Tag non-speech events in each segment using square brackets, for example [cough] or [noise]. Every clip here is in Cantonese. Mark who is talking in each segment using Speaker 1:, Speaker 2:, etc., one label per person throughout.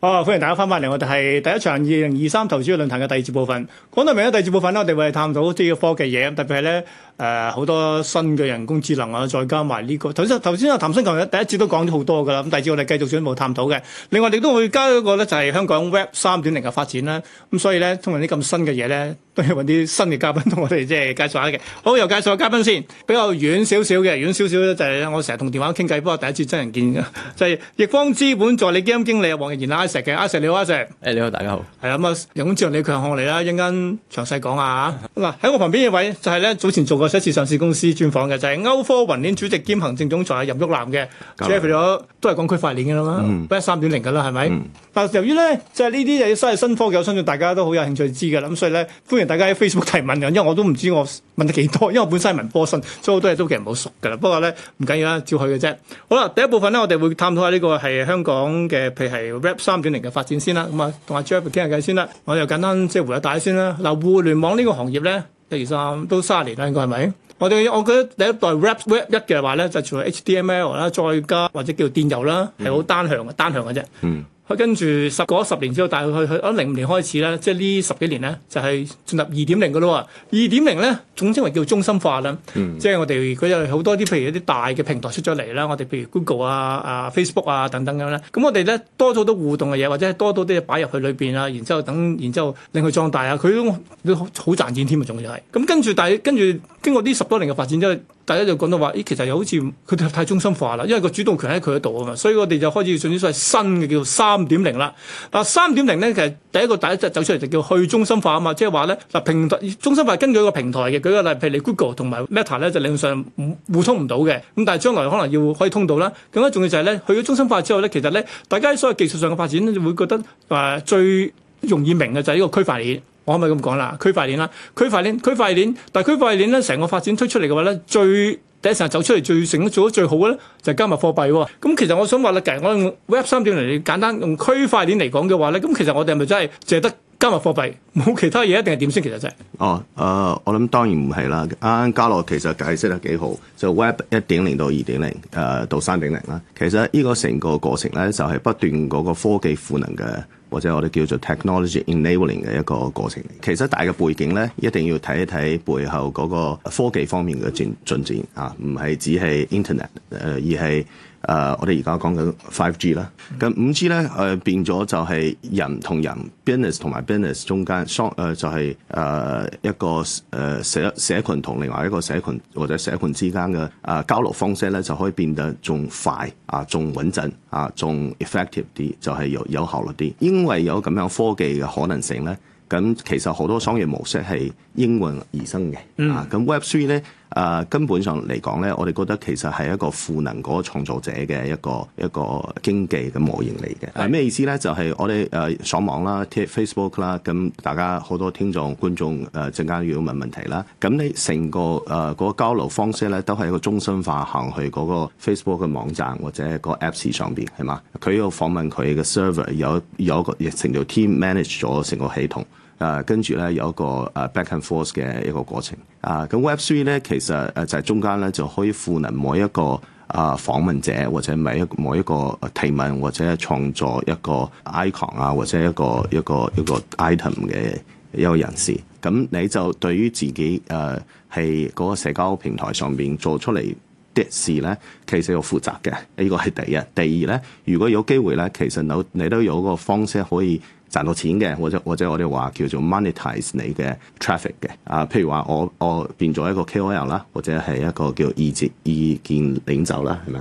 Speaker 1: 哦，歡迎大家翻返嚟，我哋係第一場二零二三投資論壇嘅第二節部分。講到明咗第二節部分咧，我哋會係探討啲嘅科技嘢，特別係咧誒好多新嘅人工智能啊，再加埋呢、這個頭先頭先啊，譚生今日第一節都講咗好多噶啦，咁第二節我哋繼續進一步探討嘅。另外，我都會加一個咧，就係香港 Web 三點零嘅發展啦。咁所以咧，通常啲咁新嘅嘢咧，都要揾啲新嘅嘉賓同我哋即係介紹下嘅。好，又介紹下嘉賓先，比較遠少少嘅，遠少少咧就係我成日同電話傾偈，不過第一次真人見嘅，就係、是、易方資本助理、基金、經理王逸研啦。阿石你好，阿石、欸，你好，大家好，係啊咁啊，人工智能你強項嚟啦，一陣間詳細講下嗱喺 [laughs] 我旁邊嘅位就係咧，早前做過一次上市公司專訪嘅，就係、是、歐科雲鏈主席兼行政總裁啊，任煜男嘅 s 咗的都係講區塊鏈嘅啦嘛，i t 三點零嘅啦，係咪、嗯？嗯、但係由於咧，即係呢啲嘢新新科技，我相信大家都好有興趣知嘅啦。咁所以咧，歡迎大家喺 Facebook 提問嘅，因為我都唔知我問得幾多，因為我本身係文科生，所以好多嘢都其實唔好熟嘅啦。不過咧唔緊要啦，照佢嘅啫。好啦，第一部分咧，我哋會探討下呢個係香港嘅，譬如 w 三點零嘅發展先啦，咁啊同阿 Jeff 傾下偈先啦。我又簡單即係回下大先啦。嗱，互聯網呢個行業咧，第三都卅年啦，應該係咪？我哋我覺得第一代 Web Web 一嘅話咧，就除咗 HTML 啦，再加或者叫電郵啦，係好單向嘅，單向嘅啫。嗯。佢跟住十過十年之後，但係佢去喺零五年開始咧，即係呢十幾年咧就係、是、進入二點零嘅咯。二點零咧總稱為叫中心化啦，嗯、即係我哋佢有好多啲譬如一啲大嘅平台出咗嚟啦，我哋譬如 Google 啊啊 Facebook 啊等等咁樣，咁我哋咧多咗好多互動嘅嘢，或者多多啲擺入去裏邊啊，然之後等，然之後令佢壯大啊，佢都都好賺錢添啊，仲要係。咁、嗯、跟住但係跟住經過呢十多年嘅發展之後。大家就講到話，咦，其實又好似佢哋太中心化啦，因為個主動權喺佢度啊嘛，所以我哋就開始進展咗係新嘅叫三點零啦。嗱、啊，三點零咧其實第一個第一隻走出嚟就叫去中心化啊嘛，即係話咧嗱平台中心化根據一個平台嘅，舉個例，譬如你 Google 同埋 Meta 咧就理論上互通唔到嘅，咁但係將來可能要可以通到啦。更加重要就係咧去咗中心化之後咧，其實咧大家所謂技術上嘅發展會覺得啊、呃、最容易明嘅就係呢個區塊鏈。我咪咁講啦，區塊鏈啦、啊，區塊鏈區塊鏈，但係區塊鏈咧成個發展推出嚟嘅話咧，最第一時間走出嚟最成做咗最好嘅咧，就係加密貨幣喎、哦。咁、嗯、其實我想我話咧、嗯，其實我用 Web 三點零簡單用區塊鏈嚟講嘅話咧，咁其實我哋係咪真係淨係得加密貨幣，冇其他嘢一定係點先？其實就
Speaker 2: 係。哦，誒、呃，我諗當然唔係啦。啱啱嘉樂其實解釋得幾好，就 Web 一點零到二點零誒到三點零啦。0，其實呢個成個過程咧，就係、是、不斷嗰個科技賦能嘅。或者我哋叫做 technology enabling 嘅一個過程，其實大嘅背景咧，一定要睇一睇背後嗰個科技方面嘅進進展啊，唔係只係 internet 誒、呃，而係。誒，uh, 我哋而家講緊 5G 啦，咁 5G 咧誒、呃、變咗就係人同人 [noise] ，business 同埋 business 中間，商誒、呃、就係、是、誒、呃、一個誒社、呃、社群同另外一個社群或者社群之間嘅啊交流方式咧，就可以變得仲快啊，仲穩陣啊，仲 effective 啲，就係、是、有有效率啲。因為有咁樣科技嘅可能性咧，咁其實好多商業模式係應運而生嘅。嗯、mm. 啊，咁 Web Three 咧。啊，根本上嚟講咧，我哋覺得其實係一個賦能嗰個創造者嘅一個一個經濟嘅模型嚟嘅。係、啊、咩意思咧？就係、是、我哋誒、呃、上網啦，Facebook 啦，咁、嗯、大家好多聽眾觀眾誒陣間要問問題啦。咁、嗯、你成個誒嗰、呃那個交流方式咧，都係一個中心化行去嗰個 Facebook 嘅網站或者個 Apps 上邊係嘛？佢要訪問佢嘅 server，有有一個成條 team manage 咗成個系統。誒跟住咧有一個誒、啊、back and forth 嘅一個過程，啊咁 Web three 咧其實誒就係中間咧就可以賦能每一個啊訪問者或者每一個每一個提問或者創作一個 icon 啊或者一個一個一個 item 嘅一個人士，咁你就對於自己誒係嗰個社交平台上邊做出嚟的事咧，其實要負責嘅呢個係第一，第二咧，如果有機會咧，其實你你都有個方式可以。賺到錢嘅，或者或者我哋話叫做 monetize 你嘅 traffic 嘅，啊，譬如話我我變咗一個 KOL 啦，或者係一個叫意志意見領袖啦，係咪？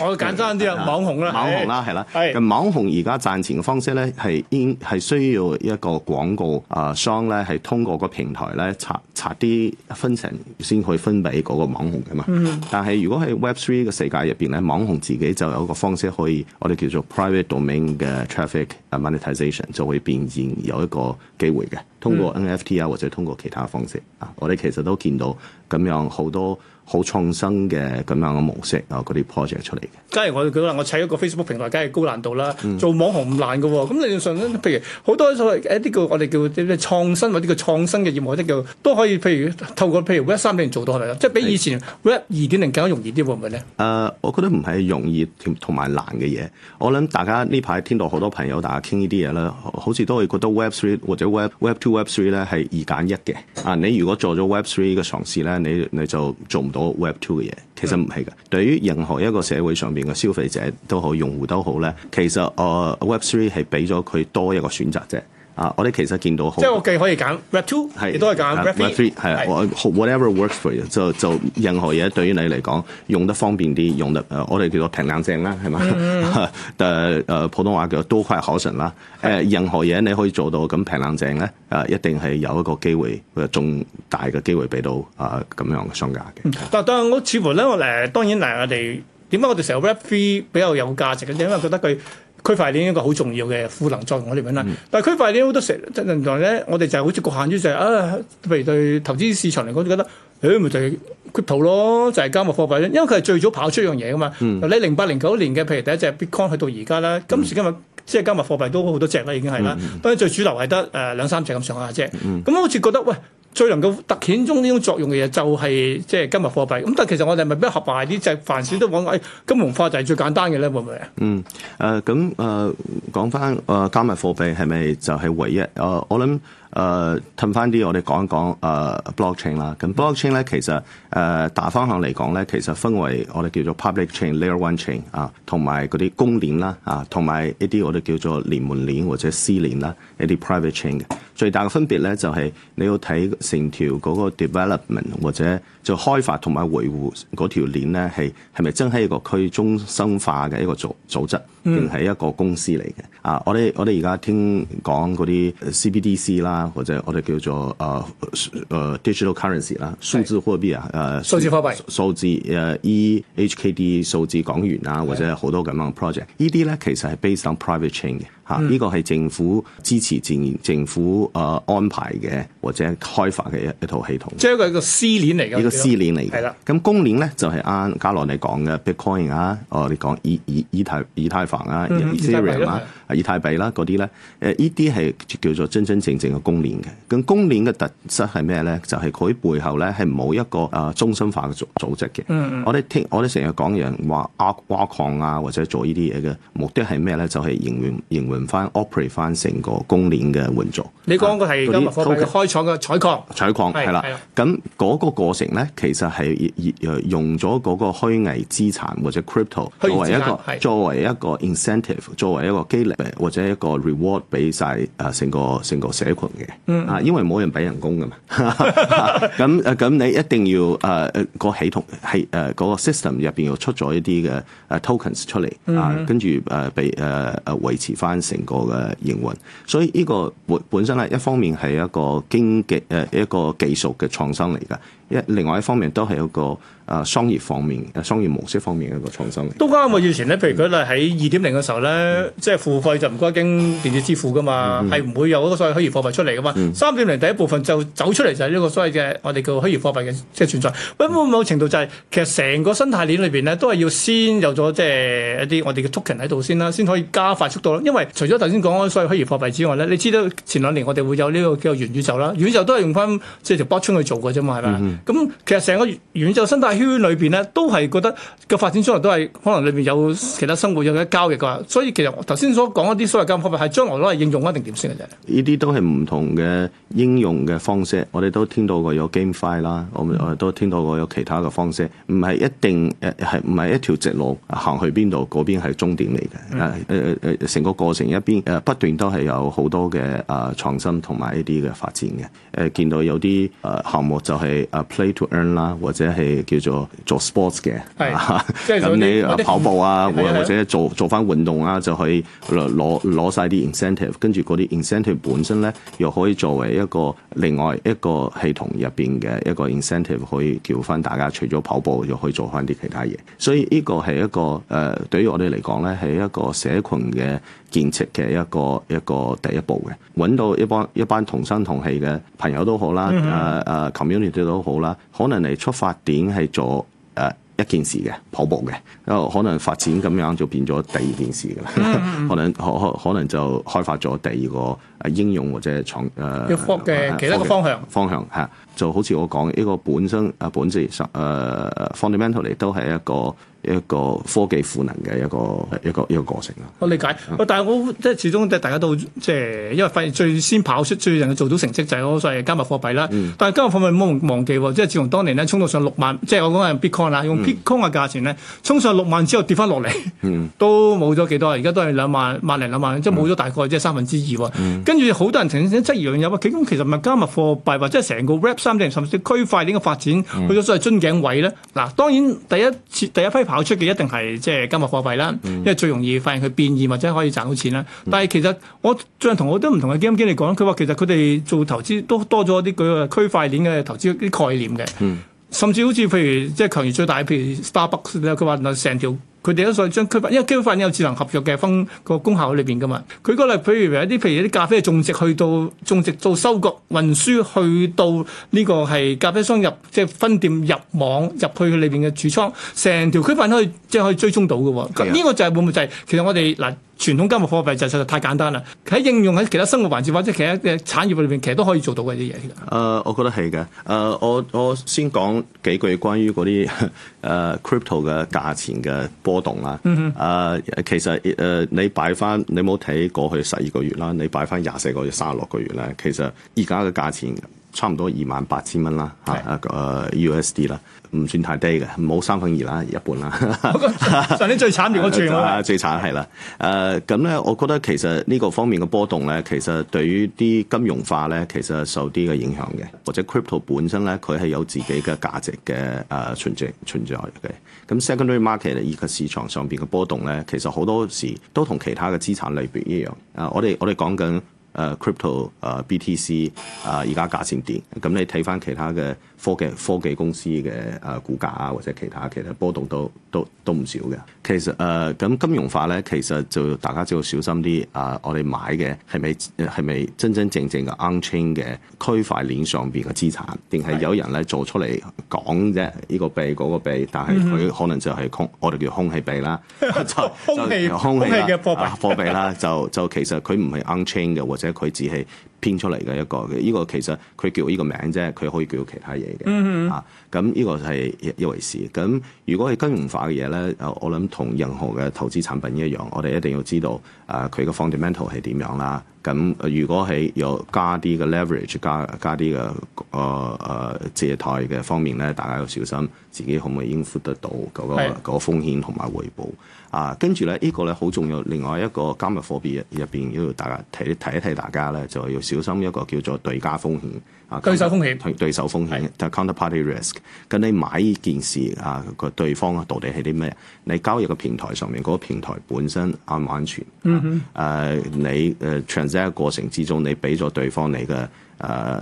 Speaker 1: 我簡單啲啊，網紅啦，網紅啦，係啦。
Speaker 2: 咁網紅而家賺錢嘅方式咧，係應係需要一個廣告啊商咧，係通過個平台咧拆拆啲分成先去分俾嗰個網紅嘅嘛。嗯。但係如果喺 Web Three 嘅世界入邊咧，網紅自己就有一個方式可以我哋叫做 private domain 嘅 traffic monetization。就會變現有一個機會嘅，通過 NFT 啊，或者通過其他方式啊，我哋其實都見到咁樣好多。好創新嘅咁樣嘅模式啊，嗰啲 project 出嚟
Speaker 1: 嘅。假如我佢話我砌一個 Facebook 平台，梗係高難度啦。做網紅唔難嘅喎，咁你上邊譬如好多所謂一啲叫我哋叫創新或者叫創新嘅業務，或者叫都可以，譬如透過譬如 Web 三等做到即係比以前 Web 二點零更加容易啲會唔會咧？
Speaker 2: 誒，uh, 我覺得唔係容易同埋難嘅嘢。我諗大家呢排聽到好多朋友大家傾呢啲嘢啦，好似都會覺得 Web 三或者 We 2, Web Web Two Web Three 咧係二揀一嘅。啊，你如果做咗 Web Three 嘅嘗試咧，你你就做唔到。我 Web Two 嘅嘢，其實唔係噶。的對於任何一個社會上邊嘅消費者都好，用戶都好咧，其實誒、uh, Web Three 係俾咗佢多一個選擇啫。啊！我哋其實見到好多
Speaker 1: 人即係我既可以揀 rap two，係亦都係揀 r a e e 係
Speaker 2: whatever works for you，就就任何嘢對於你嚟講用得方便啲，用得誒、呃、我哋叫做平靚正啦，係嘛？誒誒、mm hmm. 啊、普通話叫做多快好省啦！誒是、啊、任何嘢你可以做到咁平靚正咧，誒、啊、一定係有一個機會，誒重大嘅機會俾到啊咁樣嘅商家嘅、
Speaker 1: mm hmm. 但但係我似乎咧，誒當然嗱我哋點解我哋成日 rap three 比較有價值嘅？因為覺得佢。區塊鏈一個好重要嘅賦能作用我哋揾啦，嗯、但係區塊鏈好多時，原來咧我哋就好似局限咗、就是，就係啊，譬如對投資市場嚟講，覺得，誒、哎、咪就係 crypto 咯，就係、是、加密貨幣咯，因為佢係最早跑出一樣嘢噶嘛。嗯、你零八零九年嘅譬如第一隻 bitcoin 去到而家啦，今時今、就、日、是嗯、即係加密貨幣都好多隻啦，已經係啦，不過、嗯嗯、最主流係得誒兩三隻咁上下啫。咁好似覺得喂。嗯嗯嗯最能夠突顯中呢種作用嘅嘢，就係即係加密貨幣。咁但係其實我哋係咪比較合埋啲？就係凡事都講、哎、金融化就係最簡單嘅咧，會唔會啊？嗯。
Speaker 2: 誒、呃，咁誒講翻誒加密貨幣係咪就係唯一？誒、呃，我諗。誒，褪翻啲我哋講一講誒、uh, blockchain 啦。咁 blockchain 咧，其實誒、uh, 大方向嚟講咧，其實分為我哋叫做 public chain、layer one chain 啊，同埋嗰啲公鏈啦，啊，同埋一啲我哋叫做聯盟鏈或者私鏈啦，一啲 private chain 嘅。最大嘅分別咧，就係、是、你要睇成條嗰個 development 或者就開發同埋維護嗰條鏈咧，係係咪真係一個去中心化嘅一個組組織？定係一個公司嚟嘅啊！我哋我哋而家聽講嗰啲 CBDC 啦，或者我哋叫做誒誒、uh, uh, digital currency 啦，數字貨幣啊，誒數是、啊、字貨幣、數字誒、uh, e-HKD 數字港元啊，或者好多咁樣嘅 project，是呢啲咧其實係 based on private chain 嘅。呢、啊呢個係政府支持政政府誒、呃、安排嘅，或者開發嘅一,一套系統。
Speaker 1: 即係一個私鏈嚟嘅，呢個私鏈嚟嘅。係啦、嗯，
Speaker 2: 咁公鏈咧就係啱嘉樂你講嘅 Bitcoin 啊，哦你講以以以太以太坊啊 Ethereum 啊。以太幣啦嗰啲咧，誒依啲係叫做真真正正嘅公鏈嘅。咁公鏈嘅特質係咩咧？就係、是、佢背後咧係冇一個啊中心化嘅組組織嘅。嗯嗯。我哋聽，我哋成日講人話挖挖礦啊，或者做呢啲嘢嘅目的係咩咧？就係、是、營運營運翻 operate 翻成個公鏈嘅援助。
Speaker 1: 你講嘅係嗰啲開廠嘅採礦。
Speaker 2: 採礦係啦。咁嗰的個過程咧，其實係用咗嗰個虛擬資產或者 crypto 作為一個作為一個 incentive 作為一個機力。 [music] 或者一個 reward 俾晒誒成個成個社群嘅，mm hmm. 啊，因為冇人俾人工㗎嘛，咁 [laughs] 咁、啊、你一定要誒、uh, 個系統係誒嗰個 system 入邊又出咗一啲嘅 tokens、ok、出嚟，mm hmm. 啊，跟住誒俾誒誒維持翻成個嘅營運。所以呢個本本身咧一方面係一個經濟誒、uh, 一個技術嘅創新嚟嘅，一另外一方面都係一個。啊，商業方面、商業模式方面嘅一個創新。
Speaker 1: 都啱我、啊、以前咧，譬如佢喺二點零嘅時候咧，mm. 即係付費就唔需要經電子支付噶嘛，係唔、mm. 會有嗰個所謂虛擬貨幣出嚟噶嘛。三點零第一部分就走出嚟就係呢個所謂嘅我哋叫虛擬貨幣嘅即係存在。咁某程度就係、是、其實成個生態鏈裏邊咧，都係要先有咗即係一啲我哋嘅 token 喺度先啦，先可以加快速度咯。因為除咗頭先講嘅所謂虛擬貨幣之外咧，你知道前兩年我哋會有呢個叫做元宇宙啦，元宇宙都係用翻即係條 Blockchain 去做嘅啫嘛，係咪？咁其實成個元宇宙生態。圈裏邊咧，都係覺得個發展將來都係可能裏邊有其他生活有啲交易噶，所以其實我頭先所講一啲所謂金融科技係將來都係應用一定點算嘅啫。
Speaker 2: 呢啲都係唔同嘅應用嘅方式，我哋都聽到過有 GameFi 啦，我我哋都聽到過有其他嘅方式，唔係一定誒係唔係一條直路行去邊度邊係終點嚟嘅，誒誒誒成個過程一邊誒不斷都係有好多嘅誒創新同埋呢啲嘅發展嘅誒見到有啲誒項目就係誒 play to earn 啦，或者係叫。做做 sports 嘅，咁你跑步啊，或者做做翻運動啊，是是是就可以攞攞晒啲 incentive，跟住嗰啲 incentive 本身咧，又可以作為一個另外一個系統入邊嘅一個 incentive，可以叫翻大家除咗跑步，又可以做翻啲其他嘢，所以呢個係一個誒，對於我哋嚟講咧，係一個社群嘅。建設嘅一個一個第一步嘅，揾到一幫一班同聲同氣嘅朋友都好啦，誒誒、mm hmm. uh, community 都好啦，可能你出發點係做誒、uh, 一件事嘅跑步嘅，可能發展咁樣就變咗第二件事嘅啦、mm hmm. [laughs] 可能可可可能就開發咗第二個誒應用或者創誒，嘅、uh, 其他嘅方向、啊、方向吓，uh, 就好似我講呢個本身誒本質誒、uh, fundamentally 都係一個。一個科技賦能嘅一個一個一個,一個過程咯，
Speaker 1: 我理解。但係我即係始終即係大家都即係、就是，因為發現最先跑出最能夠做到成績就係所謂加密貨幣啦。嗯、但係加密貨幣冇忘記，即、就、係、是、自從當年咧衝到上六萬，即係我講係 Bitcoin 啊，用 Bitcoin 嘅價錢咧衝上六萬之後跌翻落嚟，嗯、都冇咗幾多。而家都係兩萬萬零兩萬，即係冇咗大概、嗯、即係三分之二。嗯、跟住好多人成日都質疑又有話，其實其實係加密貨幣或者成個 Web 三定甚至區塊鏈嘅發展，發展去咗所謂樽頸位咧。嗱，當然第一,第一次第一批。跑出嘅一定係即係加密貨幣啦，嗯、因為最容易發現佢變異或者可以賺到錢啦。嗯、但係其實我最近同好多唔同嘅基金經理講，佢話其實佢哋做投資都多咗啲佢嘅區塊鏈嘅投資啲概念嘅，
Speaker 2: 嗯、
Speaker 1: 甚至好似譬如即係強如最大譬如 Starbucks 咧，佢話成條。佢哋都再將區塊，因為區塊有智能合約嘅分個功效喺裏邊噶嘛，舉個例一，譬如有啲譬如啲咖啡嘅種植，去到種植做收割、運輸，去到呢個係咖啡商入即係、就是、分店入網入去裏邊嘅主倉，成條區塊都可以即係、就是、可以追蹤到嘅。呢的個就係會唔會就係其實我哋嗱？傳統金融貨幣就實在太簡單啦，喺應用喺其他生活環節或者其他嘅產業裏邊，其實都可以做到嘅啲嘢。誒、呃，
Speaker 2: 我覺得係嘅。誒、呃，我我先講幾句關於嗰啲誒、呃、crypto 嘅價錢嘅波動啦。誒、嗯哼呃，其實誒、呃，你擺翻你冇睇過去十二個月啦，你擺翻廿四個月、三十六個月咧，其實而家嘅價錢差唔多二萬八千蚊啦，係是啊，誒 USD 啦。唔算太低嘅，冇三分二啦，一半啦。
Speaker 1: 上 [laughs] 年、 [laughs] 啊、最慘條我住我
Speaker 2: 最慘係啦。誒咁咧，我覺得其實呢個方面嘅波動咧，其實對於啲金融化咧，其實受啲嘅影響嘅，或者 crypto 本身咧，佢係有自己嘅價值嘅誒存在 [laughs] 存在嘅。咁 secondary market 以及市場上邊嘅波動咧，其實好多時都同其他嘅資產類別一樣。啊，我哋我哋講緊。誒、uh, crypto BTC 誒而家價錢跌，咁、嗯、你睇翻其他嘅科技科技公司嘅誒、uh, 股價啊，或者其他其他波動都都都唔少嘅。其實誒咁、uh, 金融化咧，其實就大家就要小心啲啊！Uh, 我哋買嘅係咪係咪真真正正嘅 unchain 嘅區塊鏈上邊嘅資產，定係有人咧做出嚟講啫？呢、這個幣嗰、那個幣，但係佢可能就係空，我哋叫空氣幣啦，就，就 [laughs] 空氣空氣嘅、啊、貨幣啦，就就，就其實佢唔係 unchain 嘅。或者佢只係， [noise] 編出嚟嘅一個，呢個其實佢叫呢個名啫，佢可以叫其他嘢嘅。Mm hmm. 啊，咁呢個係一回事。咁如果係金融化嘅嘢咧，我諗同任何嘅投資產品一樣，我哋一定要知道啊，佢、呃、嘅 fundamental 係點樣啦。咁如果係有加啲嘅 leverage，加加啲嘅啊啊借貸嘅方面咧，大家要小心自己可唔可以應付得到嗰、那個嗰的個風險同埋回報。啊，跟住咧呢、呢個咧好重要。另外一個加密貨幣入邊要大家睇睇一睇，提提提提大家咧就要。小心一個叫做對家風險啊，對手風險對對、啊，對手風險，就 counterparty risk。咁你買呢件事啊，個對方啊，到底係啲咩？你交易嘅平台上面，嗰、那個平台本身安唔安全？嗯哼。誒、啊，你誒 transact 嘅過程之中，你俾咗對方你嘅誒誒，唔、啊、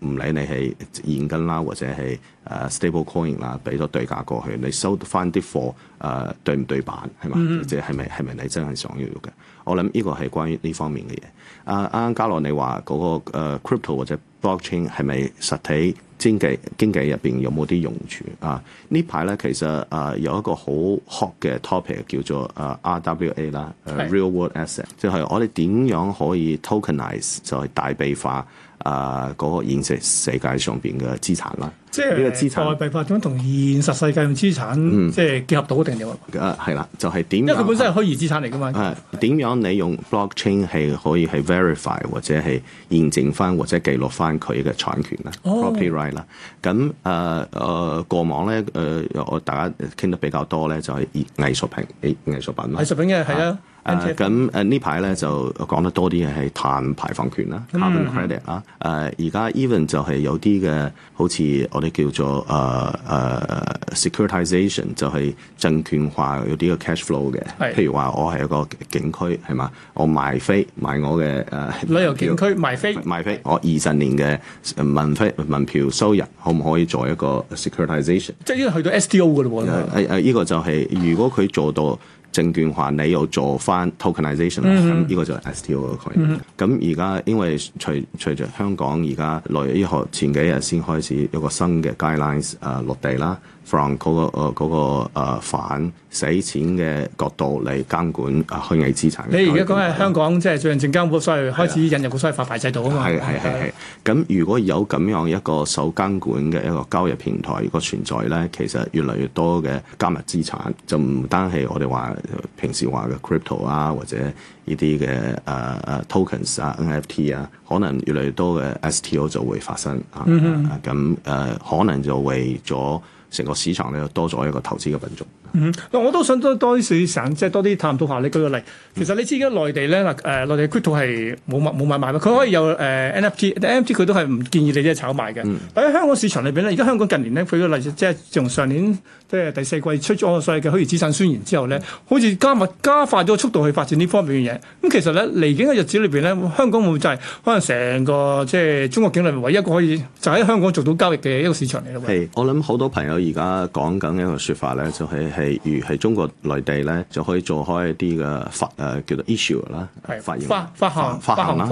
Speaker 2: 唔、啊、理你係現金啦，或者係誒、啊、stable coin 啦，俾咗對價過去，你收翻啲貨誒對唔對版，係嘛？或者係咪係咪你真係想要嘅？我諗呢個係關於呢方面嘅嘢。啱啱嘉羅你話嗰、嗰個、呃、crypto 或者 blockchain 係咪實體經濟經濟入邊有冇啲用處啊？呢排咧其實誒、呃、有一個好 hot 嘅 topic 叫做誒 RWA 啦，real world asset，即係我哋點樣可以 tokenize 就係代幣化。啊！嗰個、呃、現實世界上邊嘅資產啦，
Speaker 1: 即呢是個資產代幣化點同現實世界嘅資產、嗯、即係結合到定點啊？
Speaker 2: 係啦，就係、是、點？因為佢
Speaker 1: 本身係虛擬資產嚟噶嘛。誒
Speaker 2: 點、啊、是樣你用 blockchain 係可以係 verify 或者係驗證翻或者記錄翻佢嘅產權啦 property right 啦。咁誒誒過往咧誒我大家傾得比較多咧就係藝藝術品藝術品啦。藝術品嘅係啦。誒咁誒呢排咧就講得多啲嘅係碳排放權啦，carbon credit 啊。誒而家 even 就係有啲嘅，好似我哋叫做誒誒、uh, uh, securitization 就係證券化有啲嘅 cash flow 嘅。是譬如話我係一個景區係嘛，我賣飛賣我嘅誒、uh, 旅遊景區
Speaker 1: 賣飛賣飛，
Speaker 2: 我二十年嘅門飛門票收入可唔可以做一個 securitization 即
Speaker 1: 係呢個去到 STO 嘅啦，冇
Speaker 2: 係。係係呢個就係、是、 [laughs] 如果佢做到。證券化，你又做翻 tokenization 啦、mm，咁、hmm. 呢個就係 STO 嘅概念。咁而家因為隨隨著香港而家來呢學前幾日先開始有一個新嘅 guidelines 啊、呃、落地啦。從嗰，那個誒嗰個誒反洗錢嘅角度嚟監管虛擬資產。你而家講
Speaker 1: 係香港，啊、即係最近證監會所謂開始引入個所謂發牌制度啊嘛。係係係係。
Speaker 2: 咁如果有咁樣一個受監管嘅一個交易平台如果存在咧，其實越嚟越多嘅加密資產就唔單係我哋話平時話嘅 crypto 啊，或者呢啲嘅誒誒 tokens 啊，NFT 啊，可能越嚟越多嘅 STO 就會發生，嗯、哼啊。咁誒，呃、可能就為咗成個市場呢又多咗一個投資嘅品種。
Speaker 1: 嗯，嗱，我都想多多啲市散，即係多啲探討下。你舉個例，其實你知而家內地咧，嗱，誒，內地嘅 Crypto 係冇乜冇買賣㗎，佢可以有誒、呃、NFT，但 NFT 佢都係唔建議你咧炒賣嘅。但喺、嗯、香港市場裏邊咧，而家香港近年咧，舉個例子，即係從上年即係第四季出咗所謂嘅虛擬資產宣言之後咧，嗯、好似加密加快咗速度去發展呢方面嘅嘢。咁、嗯、其實咧，嚟緊嘅日子裏邊咧，香港會就係可能成個即係、就是、中國境內唯一一個可以就喺、是、香港做到交易嘅一個市場嚟咧？係
Speaker 2: ，hey, 我諗好多朋友而家講緊一個説法咧，就係、是。例如係中國內地咧，就可以做開一啲嘅發誒、呃、叫做 issue 啦，係發發行
Speaker 1: 發行啦，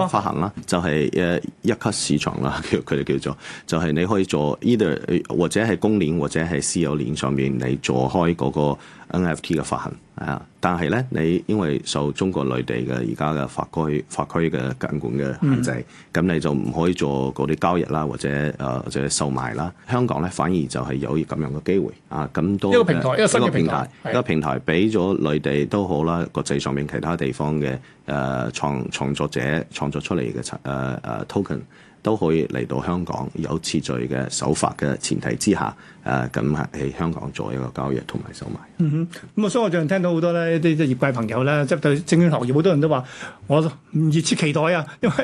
Speaker 1: 發行
Speaker 2: 啦行，就係、是、誒一級市場啦，叫佢哋叫做，就係、是、你可以做 either 或者係公鏈或者係私有鏈上面，你做開個 NFT 嘅發行。啊！但係咧，你因為受中國內地嘅而家嘅法規法規嘅監管嘅限制，咁、嗯、你就唔可以做嗰啲交易啦，或者誒、呃、或者售賣啦。香港咧反而就係有咁樣嘅機會啊！咁多一個平台，呃、一個新嘅平台，一個平台俾咗內地都好啦，國際上面其他地方嘅誒、呃、創創作者創造出嚟嘅誒誒 token。呃啊都可以嚟到香港，有秩序嘅守法嘅前提之下，誒咁喺香港做一個交易同埋收買
Speaker 1: 賣，嗯哼，咁啊，所以我最近聽到好多咧，一啲啲業界朋友咧，即係對證券行業好多人都話，我唔熱切期待啊，因為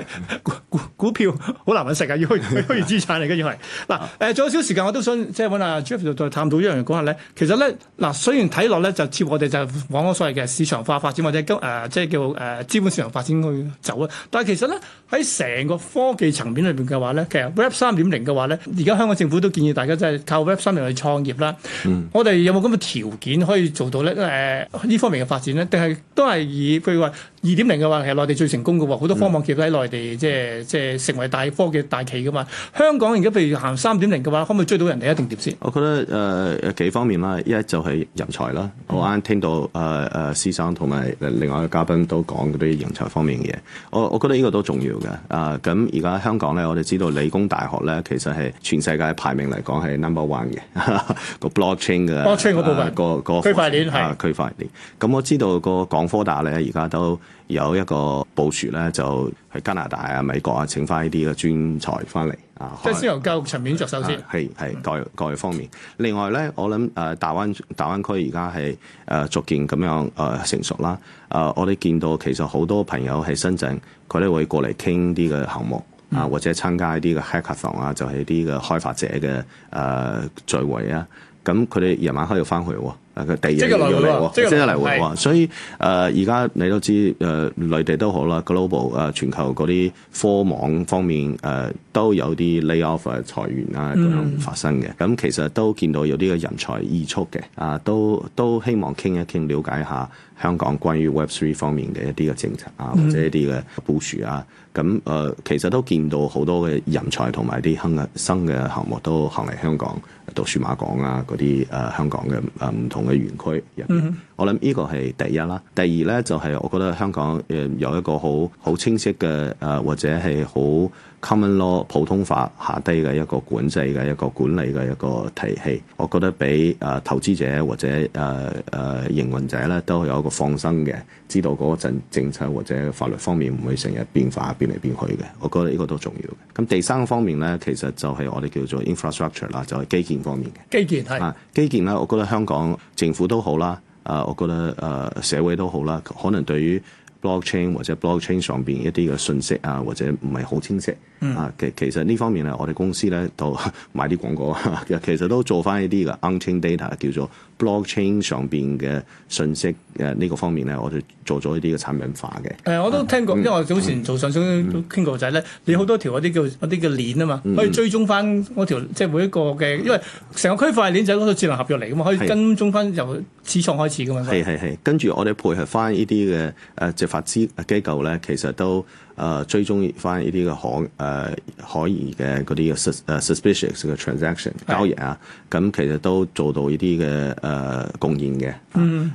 Speaker 1: 股股票好難揾食啊，要去要去資產嚟嘅要係。嗱誒， [laughs] 仲、呃、有少少時間，我都想即係揾阿 Jeff 再探討一樣講下咧。其實咧，嗱雖然睇落咧就似我哋就往所謂嘅市場化發展或者今、呃、即係叫誒、呃、資本市場發展去走啊，但係其實咧喺成個科技層面。裏邊嘅話咧，其實 Web 三點零嘅話咧，而家香港政府都建議大家真係靠 Web 三點零去創業啦。嗯、我哋有冇咁嘅條件可以做到咧？誒、呃，呢方面嘅發展咧，定係都係以譬如話。二點零嘅話係內地最成功嘅喎，好多科網企業都喺內地即係即係成為大科嘅大企㗎嘛。香港而家譬如行三點零嘅話，可唔可以追到人哋、呃、一定點先？
Speaker 2: 我覺得誒幾方面啦，一就係人才啦。我啱聽到誒誒師生同埋另外一個嘉賓都講嗰啲人才方面嘅嘢，我我覺得呢個都重要嘅。啊，咁而家香港咧，我哋知道理工大學咧，其實係全世界排名嚟講係 number one 嘅個 [laughs] blockchain 嘅 b l o c k 嘅部分、啊、個個區塊鏈係區塊鏈。咁、啊、對 我知道個港科大咧，而家都有一個部署咧，就喺加拿大啊、美國啊請翻呢啲嘅專才翻嚟啊，
Speaker 1: 即係先由教育層面着手先，
Speaker 2: 係係教育各方面。另外咧，我諗誒、呃、大灣大灣區而家係誒逐漸咁樣誒、呃、成熟啦。誒、呃，我哋見到其實好多朋友喺深圳，佢哋會過嚟傾啲嘅項目啊，或者參加一啲嘅 Hackathon 啊，就係啲嘅開發者嘅誒、呃、聚會啊。咁佢哋夜晚黑又翻去，啊佢第二日要嚟，即刻嚟喎，所以誒而家你都知誒內地都好啦，global 誒全球嗰啲科網方面誒都有啲 lay off 裁員啊咁樣發生嘅，咁其實都見到有啲嘅人才溢出嘅，啊都都希望傾一傾，了解下香港關於 Web Three 方面嘅一啲嘅政策啊，或者一啲嘅部署啊，咁誒其實都見到好多嘅人才同埋啲新嘅新嘅項目都行嚟香港。讀書馬港啊，嗰啲誒香港嘅誒唔同嘅園區，mm hmm. 我諗呢個係第一啦。第二呢，就係、是、我覺得香港誒有一個好好清晰嘅誒、呃，或者係好。common law 普通法下低嘅一個管制嘅一個管理嘅一個體系，我覺得俾誒、呃、投資者或者誒誒、呃呃、營運者咧都有一個放心嘅，知道嗰陣政策或者法律方面唔會成日變化變嚟變去嘅。我覺得呢個都重要嘅。咁第三個方面咧，其實就係我哋叫做 infrastructure 啦，就係基建方面嘅。基建係啊，基建咧，我覺得香港政府都好啦，啊、呃，我覺得誒、呃、社會都好啦，可能對於，blockchain 或者 blockchain 上邊一啲嘅信息啊，或者唔係好清晰，嗯、啊，其其實呢方面咧，我哋公司咧都買啲廣告，啊，其實都做翻一啲嘅 on、嗯、chain data，叫做。blockchain 上邊嘅信息誒呢、啊這個方面咧，我哋做咗呢啲嘅產品化嘅。
Speaker 1: 誒、嗯，我都聽過，因為我早前做上都傾過仔咧，嗯、你好多條嗰啲叫啲叫鏈啊嘛，嗯、可以追蹤翻嗰條，即係每一個嘅，因為成個區塊鏈就係嗰個智能合約嚟噶嘛，可以跟蹤翻由始創開始噶嘛。係
Speaker 2: 係係，跟住我哋配合翻呢啲嘅誒執法機構咧，其實都。誒追蹤翻呢啲嘅海誒可疑嘅嗰啲嘅 sus、uh, suspicious 嘅 transaction 交易的啊，咁其實都做到呢啲嘅誒貢獻嘅。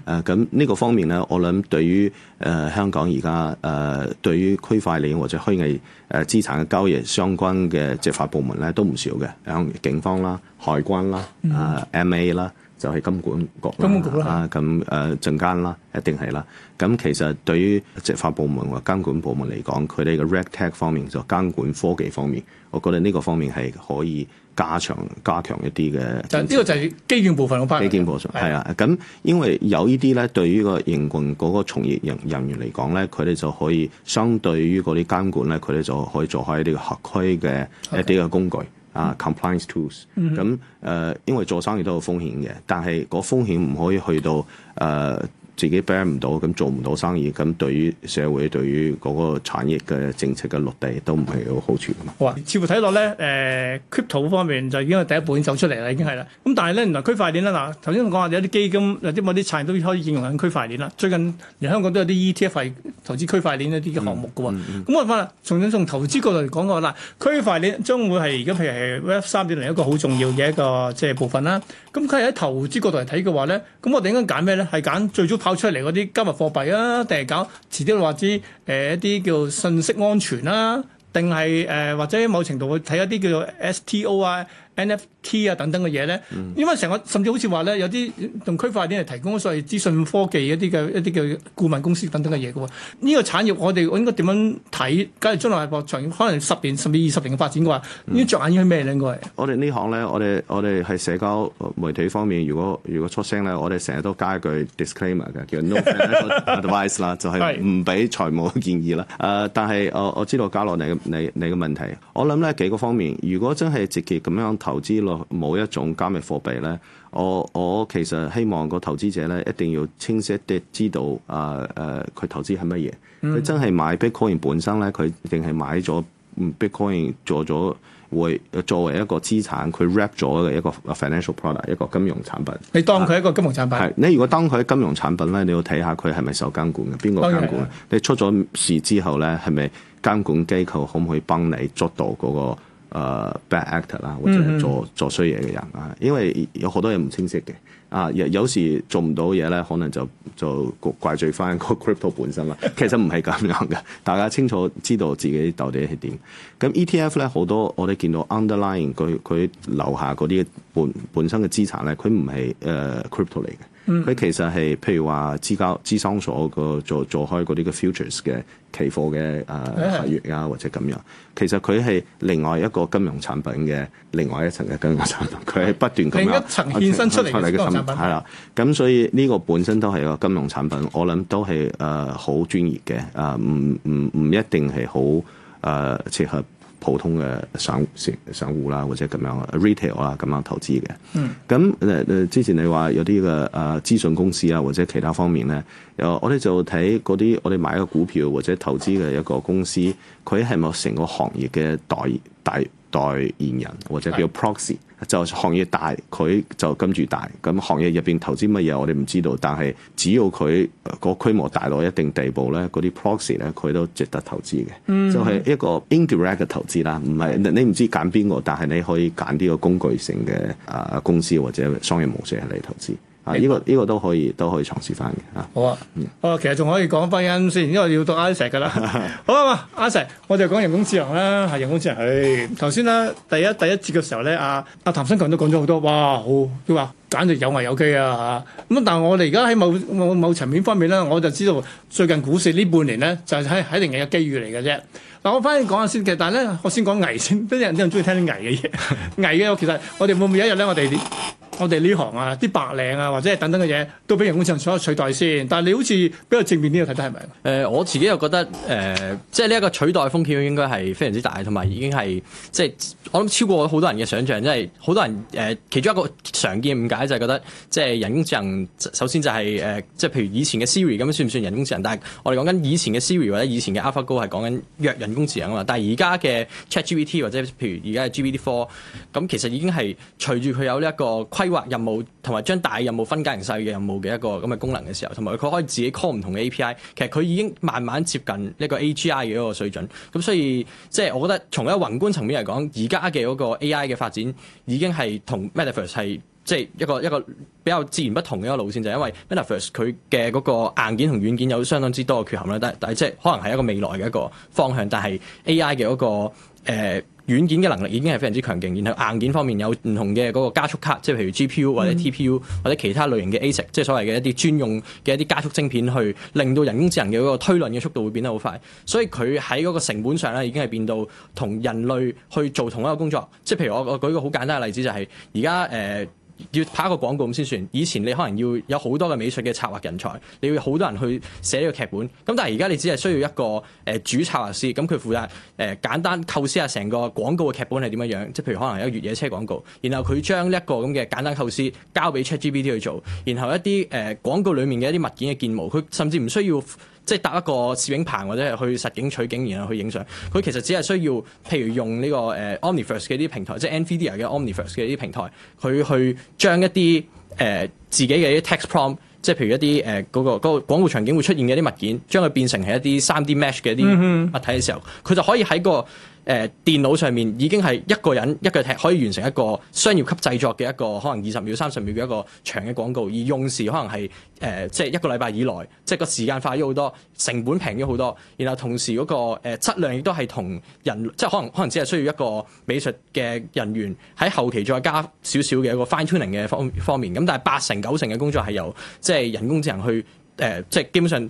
Speaker 2: 誒咁呢個方面咧，我諗對於誒、呃、香港而家誒對於區塊鏈或者虛擬誒資產嘅交易相關嘅執法部門咧，都唔少嘅，響警方啦、海關啦、嗯、啊 MA 啦。就係金管局，金管局啦，咁誒陣間啦，一定係啦。咁、嗯、其實對於執法部門或監管部門嚟講，佢哋嘅 RegTech 方面，就監管科技方面，我覺得呢個方面係可以加強加強一啲嘅。就呢個就
Speaker 1: 係基建部
Speaker 2: 分，我怕。基建部分係啊，咁的因為有依啲咧，對於個營運嗰個從業人人員嚟講咧，佢哋就可以相對於嗰啲監管咧，佢哋就可以做開啲合規嘅一啲嘅工具。Okay. 啊、uh,，compliance tools，咁誒、mm hmm. 呃，因為做生意都有風險嘅，但係個風險唔可以去到誒。呃自己把握唔到，咁做唔到生意，咁對於社會、對於嗰個產業嘅政策嘅落地都唔係有好處噶嘛。
Speaker 1: 哇！似乎睇落咧，誒，crypto 方面就已經係第一步走出嚟啦，已經係啦。咁但係咧，原來區塊鏈啦，嗱，頭先我講話有啲基金有啲乜啲產都可以應用緊區塊鏈啦。最近連香港都有啲 ETF 係投資區塊鏈一啲嘅項目噶喎。咁我話啦，從從投資角度嚟講嘅話啦，區塊鏈將會係而家譬如係 Web 3.0一個好重要嘅一個即係部分啦。咁佢喺投資角度嚟睇嘅話咧，咁我哋應該揀咩咧？係揀最早搞出嚟嗰啲加密貨幣啊，定係搞遲啲話知誒一啲叫做信息安全啦、啊，定係誒或者某程度會睇一啲叫做 STO 啊。NFT 啊等等嘅嘢咧，嗯、因為成個甚至好似話咧，有啲同區塊鏈嚟提供所謂資訊科技一啲嘅一啲嘅顧問公司等等嘅嘢嘅喎，呢、這個產業我哋我應該點樣睇？假如將來博長，可能十年甚至二十年嘅發展嘅話，啲着眼應該咩咧？應該我哋呢
Speaker 2: 行咧，我哋我哋喺社交、呃、媒體方面，如果如果出聲咧，我哋成日都加一句 disclaimer 嘅，叫 no financial advice 啦，就係唔俾財務建議啦。誒的， [laughs] uh, 但係我我知道加落你你你嘅問題，我諗咧幾個方面，如果真係直接咁樣投資落某一種加密貨幣咧，我我其實希望個投資者咧一定要清晰啲知道啊誒，佢、呃呃、投資係乜嘢？佢、嗯、真係買 bitcoin 本身咧，佢定係買咗 bitcoin 做咗會作為一個資產，佢 wrap 咗嘅一個 financial product，一個金融產品。你當佢一個金融產品，係你如果當佢金融產品咧，你要睇下佢係咪受監管嘅，邊個監管？哦、你出咗事之後咧，係咪監管機構可唔可以幫你捉到嗰、那個？誒、uh, bad actor 啦，或者係做做衰嘢嘅人啊，mm. 因為有好多嘢唔清晰嘅啊，有有時做唔到嘢咧，可能就就怪罪翻個 crypto 本身啦。其實唔係咁樣嘅，大家清楚知道自己到底係點。咁 ETF 咧好多我，我哋見到 underlying 佢佢樓下嗰啲本本身嘅資產咧，佢唔係誒 crypto 嚟嘅。佢、嗯、其實係譬如話資交資商所個做做開嗰啲嘅 futures 嘅期貨嘅誒合約啊，呃、的或者咁樣，其實佢係另外一個金融產品嘅另外一層嘅金融產品，佢係不斷咁 [laughs] 另一層衍生出嚟嘅、啊、產品，係啦。咁所以呢個本身都係一個金融產品，我諗都係誒好專業嘅，誒唔唔唔一定係好誒切合。呃呃普通嘅散戶、散戶啦，或者咁樣 retail 啦，咁樣投資嘅。嗯，咁誒誒，之前你話有啲嘅誒資訊公司啊，或者其他方面咧，我我哋就睇嗰啲我哋買嘅股票或者投資嘅一個公司，佢係咪成個行業嘅代大。代言人或者叫 proxy，的就行業大，佢就跟住大。咁行業入邊投資乜嘢我哋唔知道，但係只要佢個規模大到一定地步咧，嗰啲 proxy 咧，佢都值得投資嘅。就係、是、一個 indirect 嘅投資啦，唔係的你唔知揀邊個，但係你可以揀呢個工具性嘅啊、呃、公司或者商業模式嚟投資。 [noise] 啊！呢個呢個都可以都可以嘗試翻
Speaker 1: 嘅嚇。好啊，哦，其實仲可以講翻啱先，因為要讀 I 石噶啦。 [laughs] 好啊，I 石，SE，我就講人工智能啦，係人工智能。唉，頭先咧第一第一節嘅時候咧，阿、啊、阿、啊、譚新強都講咗好多，哇，好佢話簡直有危有機啊嚇。咁、啊、但係我哋而家喺某某某層面方面咧，我就知道最近股市呢半年咧，就係一定係有機遇嚟嘅啫。嗱、啊，我翻去講下先嘅，但係咧我先講危先，啲人啲人中意聽啲危嘅嘢，危嘅。其實我哋會唔會有一日咧，我哋？我哋呢行啊，啲白領啊，或者係等等嘅嘢，都俾人工智能所取代先？但係你好似比較正面呢個睇得，係咪？誒、呃、
Speaker 3: 我自己又覺得誒、呃、即係呢一個取代風險應該係非常之大，同埋已經係即係我諗超過咗好多人嘅想象。因為好多人誒、呃、其中一個常見誤解就係覺得即係人工智能，首先就係、是、誒、呃、即係譬如以前嘅 Siri 咁樣算唔算人工智能？但係我哋講緊以前嘅 Siri 或者以前嘅 AlphaGo 係講緊弱人工智能啊嘛。但係而家嘅 ChatGPT 或者譬如而家嘅 GPT-four，咁其實已經係隨住佢有呢一個規劃任務同埋將大任務分解成細嘅任務嘅一個咁嘅功能嘅時候，同埋佢可以自己 call 唔同嘅 API，其實佢已經慢慢接近一個 AGI 嘅一個水準。咁所以即係我覺得從一個宏觀層面嚟講，而家嘅嗰個 AI 嘅發展已經係同 Metaverse 係即係一個一個比較自然不同嘅一個路線，就係因為 Metaverse 佢嘅嗰個硬件同軟件有相當之多嘅缺陷啦。但係但係即係可能係一個未來嘅一個方向，但係 AI 嘅嗰個誒。呃軟件嘅能力已經係非常之強勁，然後硬件方面有唔同嘅嗰個加速卡，即係譬如 GPU 或者 TPU 或者其他類型嘅 ASIC，即係所謂嘅一啲專用嘅一啲加速晶片，去令到人工智能嘅嗰個推論嘅速度會變得好快。所以佢喺嗰個成本上咧，已經係變到同人類去做同一個工作。即係譬如我我舉個好簡單嘅例子，就係，就係而家誒。呃要拍一個廣告咁先算。以前你可能要有好多嘅美術嘅策劃人才，你要好多人去寫呢個劇本。咁但係而家你只係需要一個誒、呃、主策劃師，咁佢負責誒、呃、簡單構思下成個廣告嘅劇本係點樣樣，即係譬如可能有個越野車廣告，然後佢將一個咁嘅簡單構思交俾 ChatGPT 去做，然後一啲誒廣告裡面嘅一啲物件嘅建模，佢甚至唔需要。即係搭一個攝影棚或者係去實景取景，然後去影相。佢其實只係需要，譬如用呢、這個誒、呃、Omniverse 嘅啲平台，即係 NVIDIA 嘅 Omniverse 嘅啲平台，佢去將一啲誒、呃、自己嘅一啲 text prompt，即係譬如一啲誒嗰個嗰、那個、廣告場景會出現嘅一啲物件，將佢變成係一啲 3D match 嘅一啲物體嘅時候，佢就可以喺個誒、呃、電腦上面已經係一個人一腳踢，可以完成一個商業級製作嘅一個可能二十秒、三十秒嘅一個長嘅廣告，而用時可能係誒、呃、即係一個禮拜以來，即係個時間快咗好多，成本平咗好多，然後同時嗰、那個誒、呃、質量亦都係同人即係可能可能只係需要一個美術嘅人員喺後期再加少少嘅一個 fine tuning 嘅方方面，咁但係八成九成嘅工作係由即係人工智能去誒、呃、即係基本上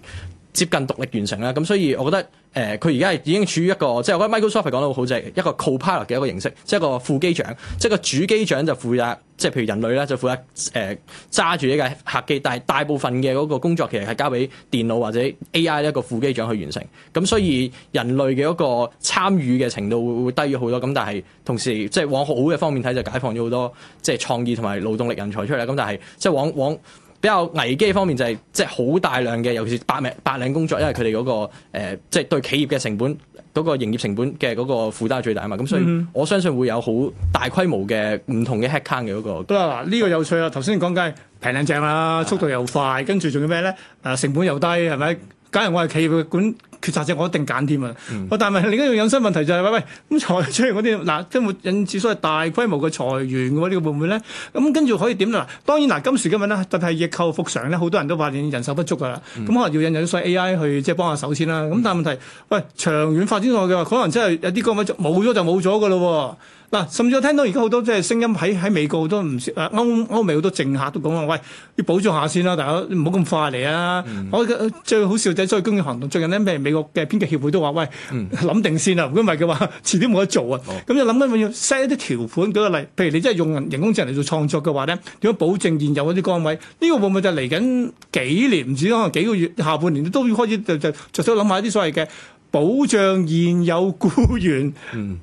Speaker 3: 接近獨立完成啦，咁所以我覺得。誒，佢而家係已經處於一個，即係我覺得 Microsoft 講得好好，就係一個 copilot 嘅一個形式，即係個副機長，即係個主機長就負責，即係譬如人類咧就負責誒揸住呢架客機，但係大部分嘅嗰個工作其實係交俾電腦或者 AI 一個副機長去完成，咁所以人類嘅一個參與嘅程度會低咗好多，咁但係同時即係往好嘅方面睇就解放咗好多，即係創意同埋勞動力人才出嚟，咁但係即係往往。往比較危機方面就係、是、即係好大量嘅，尤其是白領白領工作，因為佢哋嗰個、呃、即係對企業嘅成本嗰、那個營業成本嘅嗰個負擔係最大啊嘛。咁、嗯、所以我相信會有好大規模嘅唔同嘅 head count 嘅嗰個。嗱呢、啊這個有趣啊！頭先你講緊平靚正啦，速度又快，跟住仲要咩咧？誒成
Speaker 1: 本又低，係咪？假如我係企業嘅管。決策者我一定揀添啊！我但係另一樣隱身問題就係、是、喂喂咁裁出嚟嗰啲嗱，即為引致所謂係大規模嘅裁員嘅喎，呢、這個會唔會咧？咁跟住可以點咧？嗱，當然嗱、啊，今時今日咧特別係業購復常咧，好多人都發現人手不足噶啦，咁、嗯、可能要引引啲所謂 AI 去即係幫下手先啦。咁但係問題、嗯、喂，長遠發展落去嘅話，可能真係有啲崗位就冇咗就冇咗嘅咯喎。嗱，甚至我聽到而家好多即係聲音喺喺美國都唔少歐歐美好多政客都講話，喂要保障下先啦，大家唔好咁快嚟啊！我、嗯、最好笑就係所以工業行動，最近咧咩美國嘅編劇協會都、嗯、話，喂諗定先啊。哦，如果唔係嘅話，遲啲冇得做啊！咁就諗緊要 set 一啲條款舉個例，譬如你真係用人工智能嚟做創作嘅話咧，點樣保證現有嗰啲崗位？呢、呢個會唔會就嚟緊幾年唔止可能幾個月下半年都要開始就就就想諗下啲所謂嘅保障現有雇
Speaker 3: 員，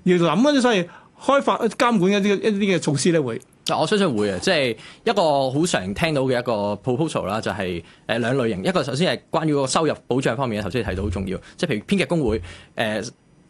Speaker 3: 要諗嗰啲所謂。開發監管一啲一啲嘅措施咧，會， [noise] 我相信會啊！即、就、係、是、一個好常聽到嘅一個 proposal 啦、就是，就係誒兩類型，一個首先係關於個收入保障方面嘅，頭先你提到好重要，即係譬如編劇工會誒、呃。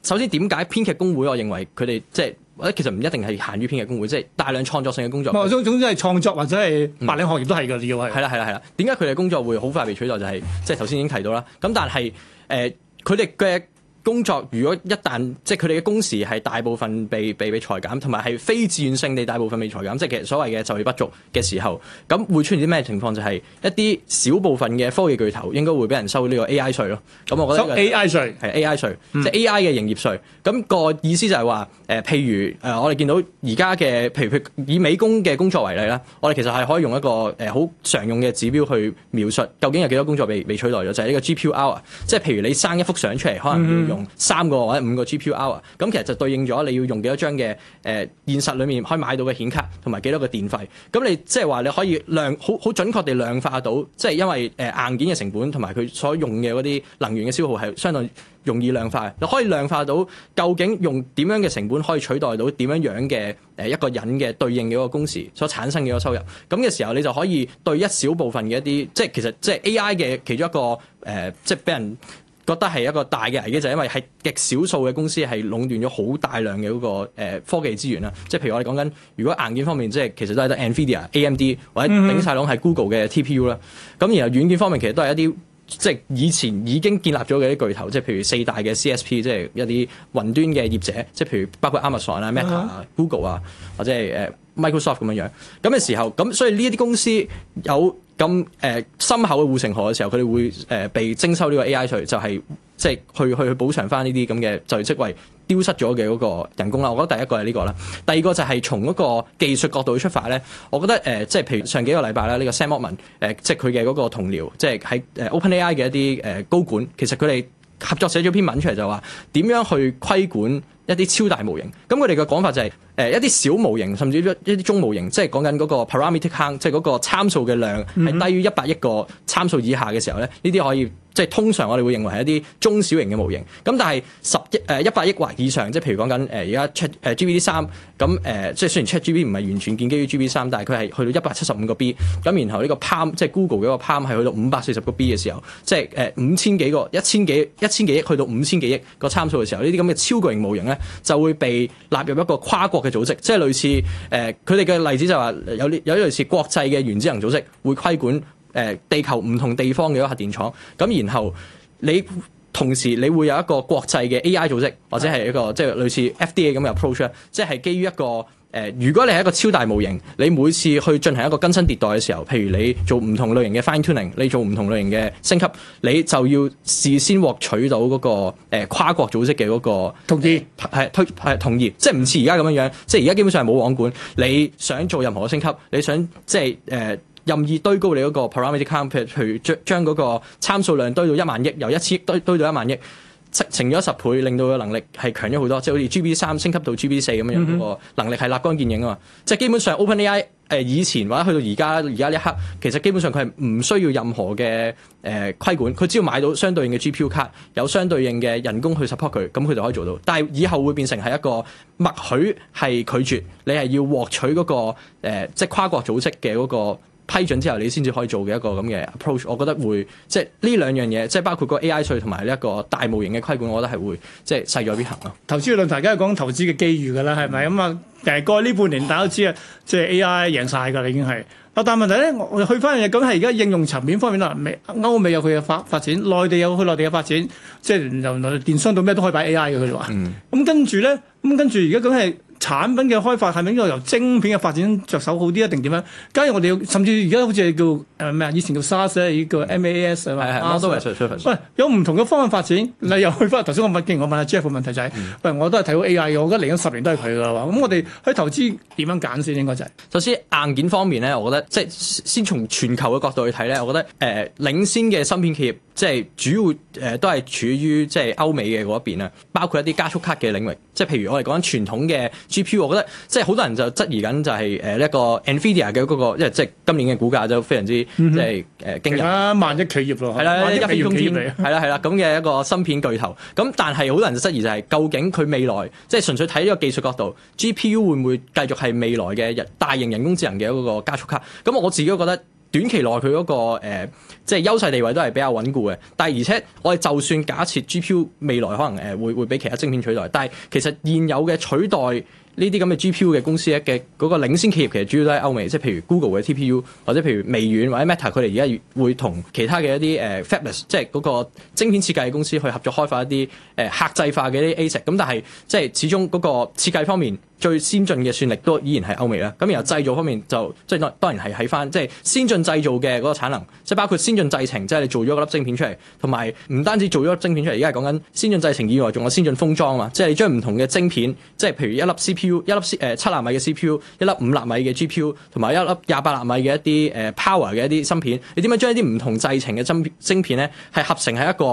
Speaker 3: 首先點解編劇工會，我認為佢哋即係或者其實唔一定係限於編劇工會，即、就、係、是、大量創作性嘅工作。嗯、總之係創作或者係白領行業都係嘅，呢個係。係啦係啦係啦，點解佢哋工作會好快被取代、就是？就係、是、即係頭先已經提到啦。咁但係誒，佢哋嘅。工作如果一旦即係佢哋嘅工時係大部分被被被裁減，同埋係非自願性地大部分被裁減，即係其實所謂嘅就業不足嘅時候，咁會出現啲咩情況？就係、是、一啲小部分嘅科技巨頭應該會俾人收呢個 AI 稅咯。咁我覺得收 AI 稅係 AI 稅，嗯、即係 AI 嘅營業稅。咁、那個意思就係話，誒、呃，譬如誒、呃，我哋見到而家嘅，譬如譬如以美工嘅工作為例啦，我哋其實係可以用一個誒好常用嘅指標去描述究竟有幾多工作被被取代咗，就係、是、呢個 GPU hour。即係譬如你生一幅相出嚟，可能三個或者五個 GPU hour，咁其實就對應咗你要用幾多張嘅誒、呃、現實裡面可以買到嘅顯卡，同埋幾多個電費。咁你即係話你可以量好好準確地量化到，即係因為誒、呃、硬件嘅成本同埋佢所用嘅嗰啲能源嘅消耗係相當容易量化嘅。你可以量化到究竟用點樣嘅成本可以取代到點樣樣嘅誒一個人嘅對應嘅一個工時所產生嘅一個收入。咁嘅時候你就可以對一小部分嘅一啲，即係其實即係 AI 嘅其中一個誒、呃，即係俾人。覺得係一個大嘅危機，就係因為係極少數嘅公司係壟斷咗好大量嘅嗰個誒科技資源啦。即係譬如我哋講緊，如果硬件方面，即係其實都係得 NVIDIA、AMD 或者頂晒籠係 Google 嘅 TPU 啦。咁然後軟件方面其實都係一啲即係以前已經建立咗嘅啲巨頭，即係譬如四大嘅 CSP，即係一啲雲端嘅業者，即係譬如包括 Amazon、uh huh. 啊、Meta 啊、Google 啊或者係誒 Microsoft 咁樣樣。咁嘅時候，咁所以呢一啲公司有咁誒深厚嘅護城河嘅時候，佢哋會誒、呃、被徵收呢個 A.I. 出、就、嚟、是，就係即係去去去補償翻呢啲咁嘅就是、職位丟失咗嘅嗰個人工啦。我覺得第一個係呢、這個啦，第二個就係從嗰個技術角度去出發咧，我覺得誒、呃、即係譬如上幾個禮拜啦，呢、這個 Sam Altman、呃、即係佢嘅嗰個同僚，即係喺 OpenAI 嘅一啲誒高管，其實佢哋合作寫咗篇文出嚟，就話點樣去規管。一啲超大模型，咁佢哋嘅講法就係、是，誒、呃、一啲小模型，甚至一啲中模型，即係講緊嗰個 parameter 即係嗰個參數嘅量係低於一百億個參數以下嘅時候咧，呢啲可以。即係通常我哋會認為係一啲中小型嘅模型，咁但係十億誒一百億或以上，即係譬如講緊誒而家 Chat 誒 GPT 三，咁誒即係雖然 ChatGPT 唔係完全建基於 GPT 三，但係佢係去到一百七十五個 B，咁然後呢個 PaLM 即係 Google 嘅個 PaLM 係去到五百四十個 B 嘅時候，即係誒五千幾個一千幾一千幾億去到五千幾億個參數嘅時候，呢啲咁嘅超巨型模型咧就會被納入一個跨國嘅組織，即係類似誒佢哋嘅例子就話有啲有，有一類似國際嘅原子能組織會規管。誒地球唔同地方嘅核電廠，咁然後你同時你會有一個國際嘅 AI 組織，或者係一個即係類似 FDA 咁嘅 approach 即係基於一個誒、呃，如果你係一個超大模型，你每次去進行一個更新迭代嘅時候，譬如你做唔同類型嘅 fine tuning，你做唔同類型嘅升級，你就要事先獲取到嗰、那個、呃、跨國組織嘅嗰、那個同意，係、欸、推係、欸、同意，即係唔似而家咁樣樣，即係而家基本上係冇網管，你想做任何升級，你想即係誒。呃任意堆高你嗰個 parameter count，去將將嗰個參數量堆到一萬億，由一千億堆堆到一萬億，乘乘咗十倍，令到嘅能力係強咗好多，即係好似 G B 三升級到 G B 四咁樣樣喎，嗯嗯嗰個能力係立竿見影啊嘛！即係基本上 Open AI 誒、呃、以前或者去到而家而家呢一刻，其實基本上佢係唔需要任何嘅誒規管，佢只要買到相對應嘅 G P U 卡，有相對應嘅人工去 support 佢，咁佢就可以做到。但係以後會變成係一個默許係拒絕你係要獲取嗰、嗰個、呃、即係跨國組織嘅嗰個。批准之後，你先至可以做嘅一個咁嘅 approach，我覺得會即係呢兩樣嘢，即係包括個 AI 稅同埋呢一個大模型嘅規管，我覺得係會即係勢在必行咯。投資嘅論壇梗係講投資嘅機遇㗎啦，係咪咁啊？誒過呢半年，大家都知啊，即係 AI 贏晒
Speaker 1: 㗎啦，已經係。啊，但問題咧，我哋去翻嘅咁係而家應用層面方面啦，美歐美有佢嘅發發展，內地內地有佢內地嘅發展，即係由電商到咩都可以擺 AI 嘅佢話。嗯。咁、嗯、跟住咧，咁跟住而家咁係。產品嘅開發係咪應該由晶片嘅發展着手好啲，定點樣？假如我哋甚至而家好似係叫誒咩啊？以前叫 SaaS，而叫 MAS、嗯、吧啊嘛。係係，我都係隨隨份。喂，有唔同嘅方向發展。你又、嗯、去翻頭先，我問經，我問阿 Jeff 問題就係、是：喂、嗯，我都係
Speaker 3: 睇到 AI 我覺得嚟緊十年都係佢㗎嘛。咁、嗯、我哋喺投資點樣揀先？應該就係首先硬件方面咧，我覺得即係先從全球嘅角度去睇咧，我覺得誒、呃、領先嘅芯片企業即係主要誒、呃、都係處於即係歐美嘅嗰一邊啊，包括一啲加速卡嘅領域。即係譬如我哋講緊傳統嘅 GPU，我覺得即係好多人就質疑緊就係呢一個 NVIDIA 嘅嗰個，因為即係今年嘅股價就非常之即係誒驚人。啊，萬億企業咯，係啦，萬億企業嚟，係啦係啦咁嘅一個芯片巨頭。咁但係好多人就質疑就係究竟佢未來，即係純粹睇呢個技術角度，GPU 會唔會繼續係未來嘅大型人工智能嘅一個加速卡？咁我自己都覺得。短期內佢嗰個誒、呃，即係優勢地位都係比較穩固嘅。但係而且我哋就算假設 GPU 未來可能誒會、呃、會俾其他晶片取代，但係其實現有嘅取代呢啲咁嘅 GPU 嘅公司咧嘅嗰個領先企業，其實主要都係歐美，即係譬如 Google 嘅 TPU，或者譬如微軟或者 Meta，佢哋而家會同其他嘅一啲誒 Fabless，即係嗰個晶片設計嘅公司去合作開發一啲誒、呃、客製化嘅啲 ASIC。咁但係即係始終嗰個設計方面，最先進嘅算力都依然係歐美啦，咁然後製造方面就即係當然係喺翻即係先進製造嘅嗰個產能，即係包括先進製程，即係你做咗粒晶片出嚟，同埋唔單止做咗粒晶片出嚟，而家係講緊先進製程以外，仲有先進封裝啊嘛，即係你將唔同嘅晶片，即係譬如一粒 CPU、一粒誒七納米嘅 CPU、PU，一粒五納米嘅 GPU，同埋一粒廿八納米嘅一啲誒、呃、Power 嘅一啲芯片，你點樣將一啲唔同製程嘅晶晶片咧係合成喺一個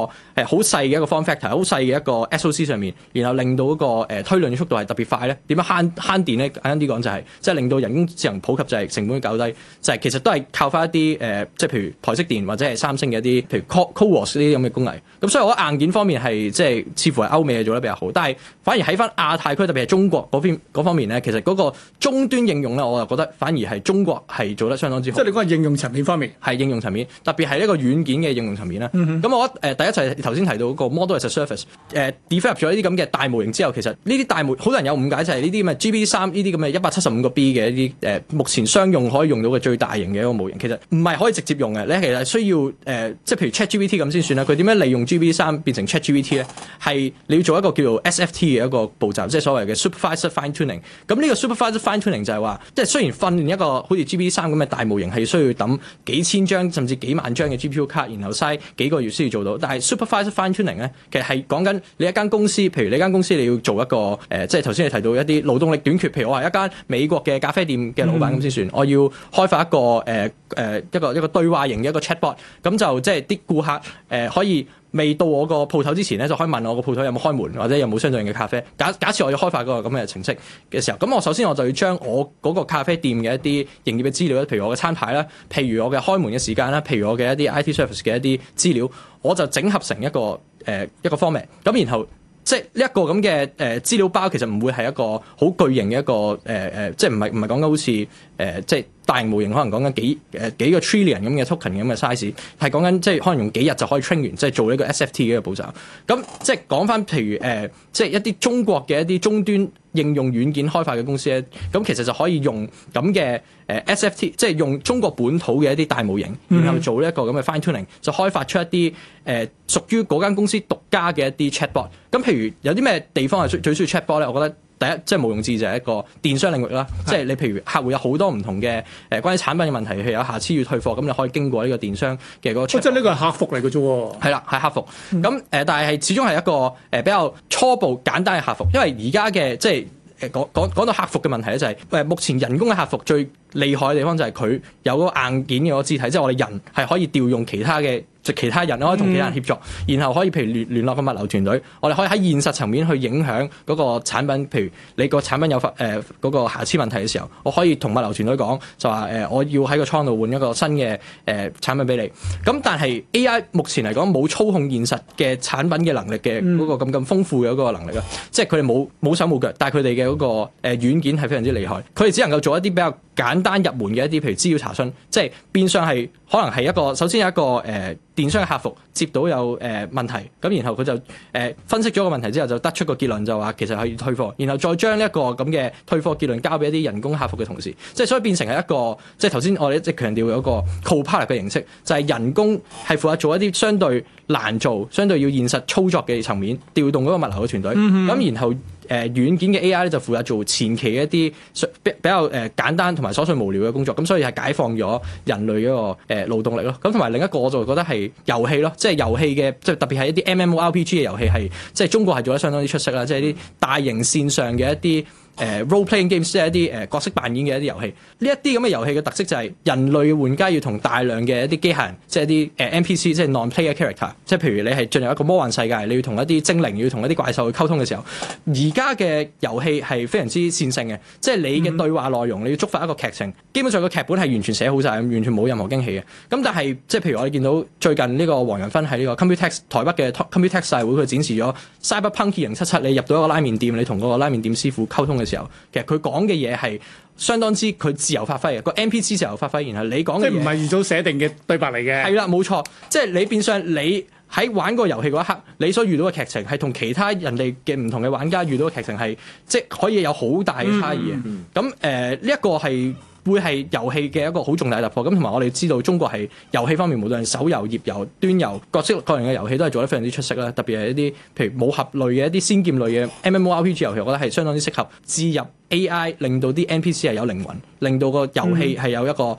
Speaker 3: 係好細嘅一個 form factor 好細嘅一個 SOC 上面，然後令到嗰、那個、呃、推論速度係特別快咧？點樣？慳慳電咧，簡單啲講就係、是、即係令到人工智能普及就係成本較低，就係、是、其實都係靠翻一啲誒、呃、即係譬如台積電或者係三星嘅一啲，譬如 Core、CoWoS 呢啲咁嘅工藝，咁所以我覺得硬件方面係即係似乎係歐美係做得比較好，但係反而喺翻亞太區特別係中國嗰邊嗰方面咧，其實嗰個終端應用咧，我係覺得反而係中國係做得相當之好。即係你講係應用層面方面係應用層面，特別係呢個軟件嘅應用層面啦。咁、嗯、哼我誒、呃、第一就係頭先提到個 Model as a Service 誒 develop 咗一啲咁嘅大模型之後，其實呢啲大模，好多人有誤解就係呢啲。咁啊 GPT 三呢啲咁嘅一百七十五個 B 嘅一啲，誒、呃，目前商用可以用到嘅最大型嘅一個模型，其實唔係可以直接用嘅咧，你其實係需要，誒、呃，即係譬如 ChatGPT 咁先算啦。佢點樣利用 GPT 三變成 ChatGPT 咧？係你要做一個叫做 SFT 嘅一個步驟，即係所謂嘅 supervised fine tuning。咁呢個 supervised fine tuning 就係話，即係雖然訓練一個好似 GPT 三咁嘅大模型係需要抌幾千張甚至幾萬張嘅 GPU 卡，然後嘥幾個月先至做到，但係 supervised fine tuning 咧，其實係講緊你一間公司，譬如你間公司你要做一個，誒、呃，即係頭先你提到一啲。勞動力短缺，譬如我係一間美國嘅咖啡店嘅老闆咁先算，嗯、我要開發一個誒誒、呃、一個一個對話型嘅一個 chatbot，咁就即係啲顧客誒、呃、可以未到我個鋪頭之前咧，就可以問我個鋪頭有冇開門，或者有冇相對應嘅咖啡。假假設我要開發個咁嘅程式嘅時候，咁我首先我就要將我嗰個咖啡店嘅一啲營業嘅資料，譬如我嘅餐牌啦，譬如我嘅開門嘅時間啦，譬如我嘅一啲 IT service 嘅一啲資料，我就整合成一個誒、呃、一個 format，咁然後，即係呢一個咁嘅誒資料包，其實唔會係一個好巨型嘅一個誒誒、呃，即係唔係唔係講緊好似。誒、呃，即係大型模型，可能講緊幾誒、呃、幾個 trillion 咁嘅 token 咁嘅 size，係講緊即係可能用幾日就可以 train 完，即係做呢個 SFT 嘅一個步驟。咁即係講翻，譬如誒、呃，即係一啲中國嘅一啲終端應用軟件開發嘅公司咧，咁其實就可以用咁嘅誒 SFT，即係用中國本土嘅一啲大模型，然後做呢一個咁嘅 fine tuning，就開發出一啲誒、呃、屬於嗰間公司獨家嘅一啲 chatbot。咁譬如有啲咩地方係最最需要 chatbot 咧？我覺得。第一即係無用字就係、是、一個電商領域啦，即係你譬如客戶有好多唔同嘅誒、呃、關於產品嘅問題，譬如有下次要退貨，咁你可以經過呢個電商嘅個出，即係呢個係客服嚟嘅啫喎。係啦，係客服。咁誒、嗯呃，但係係始終係一個誒、呃、比較初步簡單嘅客服，因為而家嘅即係誒、呃、講講講到客服嘅問題咧、就是，就係誒目前人工嘅客服最厲害嘅地方就係佢有個硬件嘅個肢體，即係我哋人係可以調用其他嘅。其他人可以同其他人合作，然後可以譬如聯聯絡個物流團隊，我哋可以喺現實層面去影響嗰個產品。譬如你個產品有發誒嗰個瑕疵問題嘅時候，我可以同物流團隊講，就話誒、呃、我要喺個倉度換一個新嘅誒、呃、產品俾你。咁但係 AI 目前嚟講冇操控現實嘅產品嘅能力嘅嗰、嗰個咁咁豐富嘅一個能力啊，嗯、即係佢哋冇冇手冇腳，但係佢哋嘅嗰個誒軟、呃、件係非常之厲害，佢哋只能夠做一啲比較簡單入門嘅一啲，譬如資料查詢，即係變相係。可能係一個首先有一個誒、呃、電商嘅客服接到有誒、呃、問題，咁然後佢就誒、呃、分析咗個問題之後，就得出個結論就話其實可以退貨，然後再將呢一個咁嘅退貨結論交俾一啲人工客服嘅同事，即係所以變成係一個即係頭先我哋一直強調有個 co-pilot 嘅形式，就係、是、人工係負責做一啲相對難做、相對要現實操作嘅層面，調動嗰個物流嘅團隊，咁、mm hmm. 然後。誒、呃、軟件嘅 AI 咧就負責做前期一啲比較誒簡單同埋瑣碎無聊嘅工作，咁所以係解放咗人類嗰個誒勞動力咯。咁同埋另一個我就覺得係遊戲咯，即係遊戲嘅即係特別係一啲 MMORPG 嘅遊戲係即係中國係做得相當之出色啦，即係啲大型線上嘅一啲。誒、呃、role-playing games 即係一啲誒、呃、角色扮演嘅一啲遊戲，呢一啲咁嘅遊戲嘅特色就係人類玩家要同大量嘅一啲機械人，即係一啲誒、呃、NPC，即係 non-player 嘅 character，即係譬如你係進入一個魔幻世界，你要同一啲精靈要同一啲怪獸去溝通嘅時候，而家嘅遊戲係非常之線性嘅，即係你嘅對話內容你要觸發一個劇情，基本上個劇本係完全寫好晒，完全冇任何驚喜嘅。咁但係，即係譬如我哋見到最近呢個黃仁勳喺呢個 Computex 台北嘅 Computex 大會，佢展示咗 Cyberpunk 2077，你入到一個拉麵店，你同個拉麵店師傅溝通嘅時候，其實佢講嘅嘢係相當之佢自由發揮嘅，個 NPC 自由發揮，然後你講嘅即唔係預早寫定嘅對白嚟嘅，係啦，冇錯，即係你變相你喺玩個遊戲嗰一刻，你所遇到嘅劇情係同其他人哋嘅唔同嘅玩家遇到嘅劇情係，即係可以有好大嘅差異。咁誒，嗯嗯嗯，呢一個係。會係遊戲嘅一個好重大突破咁。同、嗯、埋我哋知道中國係遊戲方面，無論係手遊、頁遊、端遊、各式各樣嘅遊戲都係做得非常之出色啦。特別係一啲譬如武俠類嘅一啲仙劍類嘅 MMO RPG 遊戲，我覺得係相當之適合置入 AI，令到啲 NPC 係有靈魂，令到個遊戲係有一個誒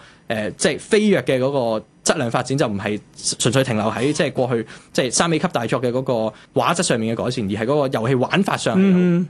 Speaker 3: 即係飛躍嘅嗰個質量發展，就唔係純粹停留喺即係過去即係、就是、三 A 級大作嘅嗰個畫質上面嘅改善，而係嗰個遊戲玩法上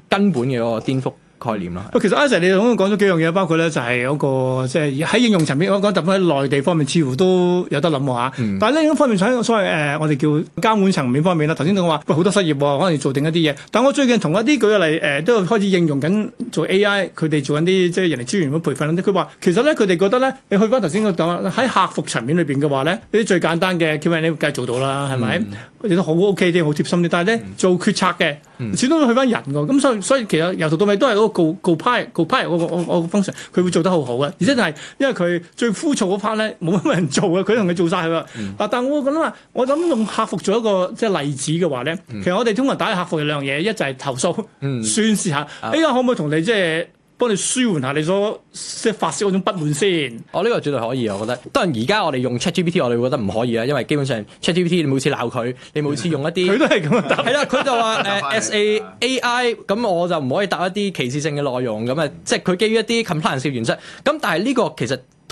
Speaker 3: 根本嘅嗰個顛覆。嗯嗯
Speaker 1: 概念啦，其實阿 Sir 你講咗幾樣嘢，包括咧就係、是、嗰、那個即係喺應用層面，我講特別喺內地方面，似乎都有得諗啊、嗯、但係呢一方面，所謂誒、呃、我哋叫監管層面方面啦，頭先都講話好多失業，可能做定一啲嘢。但我最近同一啲舉例誒、呃，都開始應用緊做 AI，佢哋做緊啲即係人力資源咁培訓。佢話其實咧，佢哋覺得咧，你去翻頭先個講喺客服層面裏邊嘅話咧，啲最簡單嘅 Q&A 你梗係做到啦，係咪？嗯亦都好 OK 啲，好貼心啲，但係咧做決策嘅，始終都去翻人㗎，咁、嗯、所以所以其實由頭到尾都係嗰個 go go 派 go 派我我我 function 佢會做得好好嘅，嗯、而且就係因為佢最枯燥嗰 part 咧，冇乜人做嘅，佢同佢做晒佢話，啊、嗯！但我覺得話，我諗用客服做一個即係例子嘅話咧，其實我哋通常打客服有兩樣嘢，一就係投訴，試下
Speaker 3: 依家可唔可以同你即係。幫你舒緩下你所即係發泄嗰種不滿先。哦，呢、oh, 個絕對可以啊！ [coughs] 我覺得我，當然而家我哋用 ChatGPT，我哋會覺得唔可以啊，因為基本上 ChatGPT 你每次鬧佢，你每次用一啲，佢都係咁樣答。係 [coughs] 啦，佢就話誒 SA AI，咁 [coughs] 我就唔可以答一啲歧視性嘅內容咁啊，嗯、即係佢基於一啲 compliance 原則。咁但係呢個其實。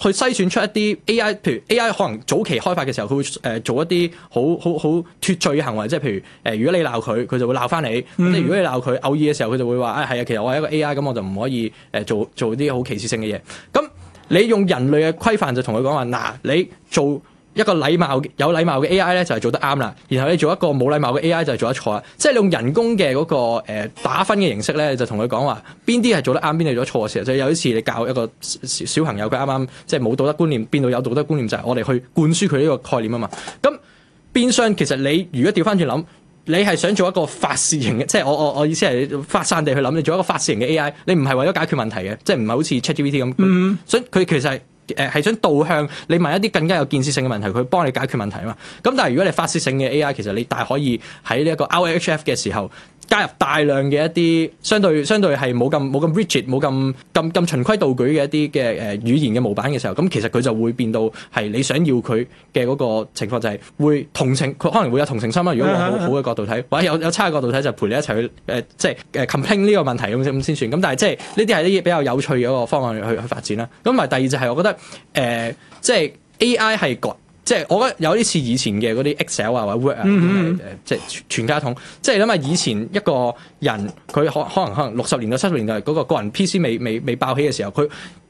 Speaker 3: 去篩選出一啲 AI，譬如 AI 可能早期開發嘅時候，佢會誒做一啲好好好脱罪嘅行為，即係譬如誒，如果你鬧佢，佢就會鬧返你。即係、嗯、如果你鬧佢偶爾嘅時候，佢就會話，啊係啊，其實我係一個 AI，咁我就唔可以誒做做啲好歧視性嘅嘢。咁你用人類嘅規範就同佢講話，嗱，你做一個禮貌有禮貌嘅 AI 咧就係、是、做得啱啦，然後你做一個冇禮貌嘅 AI 就係做得錯啦。即係你用人工嘅嗰、那個誒、呃、打分嘅形式咧，就同佢講話邊啲係做得啱，邊啲係做得錯嘅時候。就有一次你教一個小朋友，佢啱啱即係冇道德觀念，變到有道德觀念就係我哋去灌輸佢呢個概念啊嘛。咁變相其實你如果調返轉諗，你係想做一個發泄型嘅，即係我我我意思係發散地去諗，你做一個發泄型嘅 AI，你唔係為咗解決問題嘅，即係唔係好似 ChatGPT 咁，嗯、所以佢其實係。誒，係、呃、想導向你問一啲更加有建設性嘅問題，佢幫你解決問題啊嘛。咁但係，如果你發洩性嘅 AI，其實你大可以喺呢一個 RLHF 嘅時候。加入大量嘅一啲相對相對係冇咁冇咁 rigid 冇咁咁咁循規蹈矩嘅一啲嘅誒語言嘅模板嘅時候，咁、嗯、其實佢就會變到係你想要佢嘅嗰個情況，就係會同情佢可能會有同情心啦。如果從好好嘅角度睇，或者有有差嘅角度睇，就陪你一齊去誒、呃，即係誒、呃、complain 呢個問題咁先咁先算。咁、嗯、但係即係呢啲係啲比較有趣嘅一個方案去去發展啦。咁、嗯、埋第二就係、是、我覺得誒、呃，即係 AI 係。即係我覺得有啲似以前嘅嗰啲 Excel 啊或者 Word 啊、mm hmm. 即係全家桶。即係諗下以前一個人佢可可能可能，六十年代、七十年代嗰個個人 PC 未未未爆起嘅時候，佢。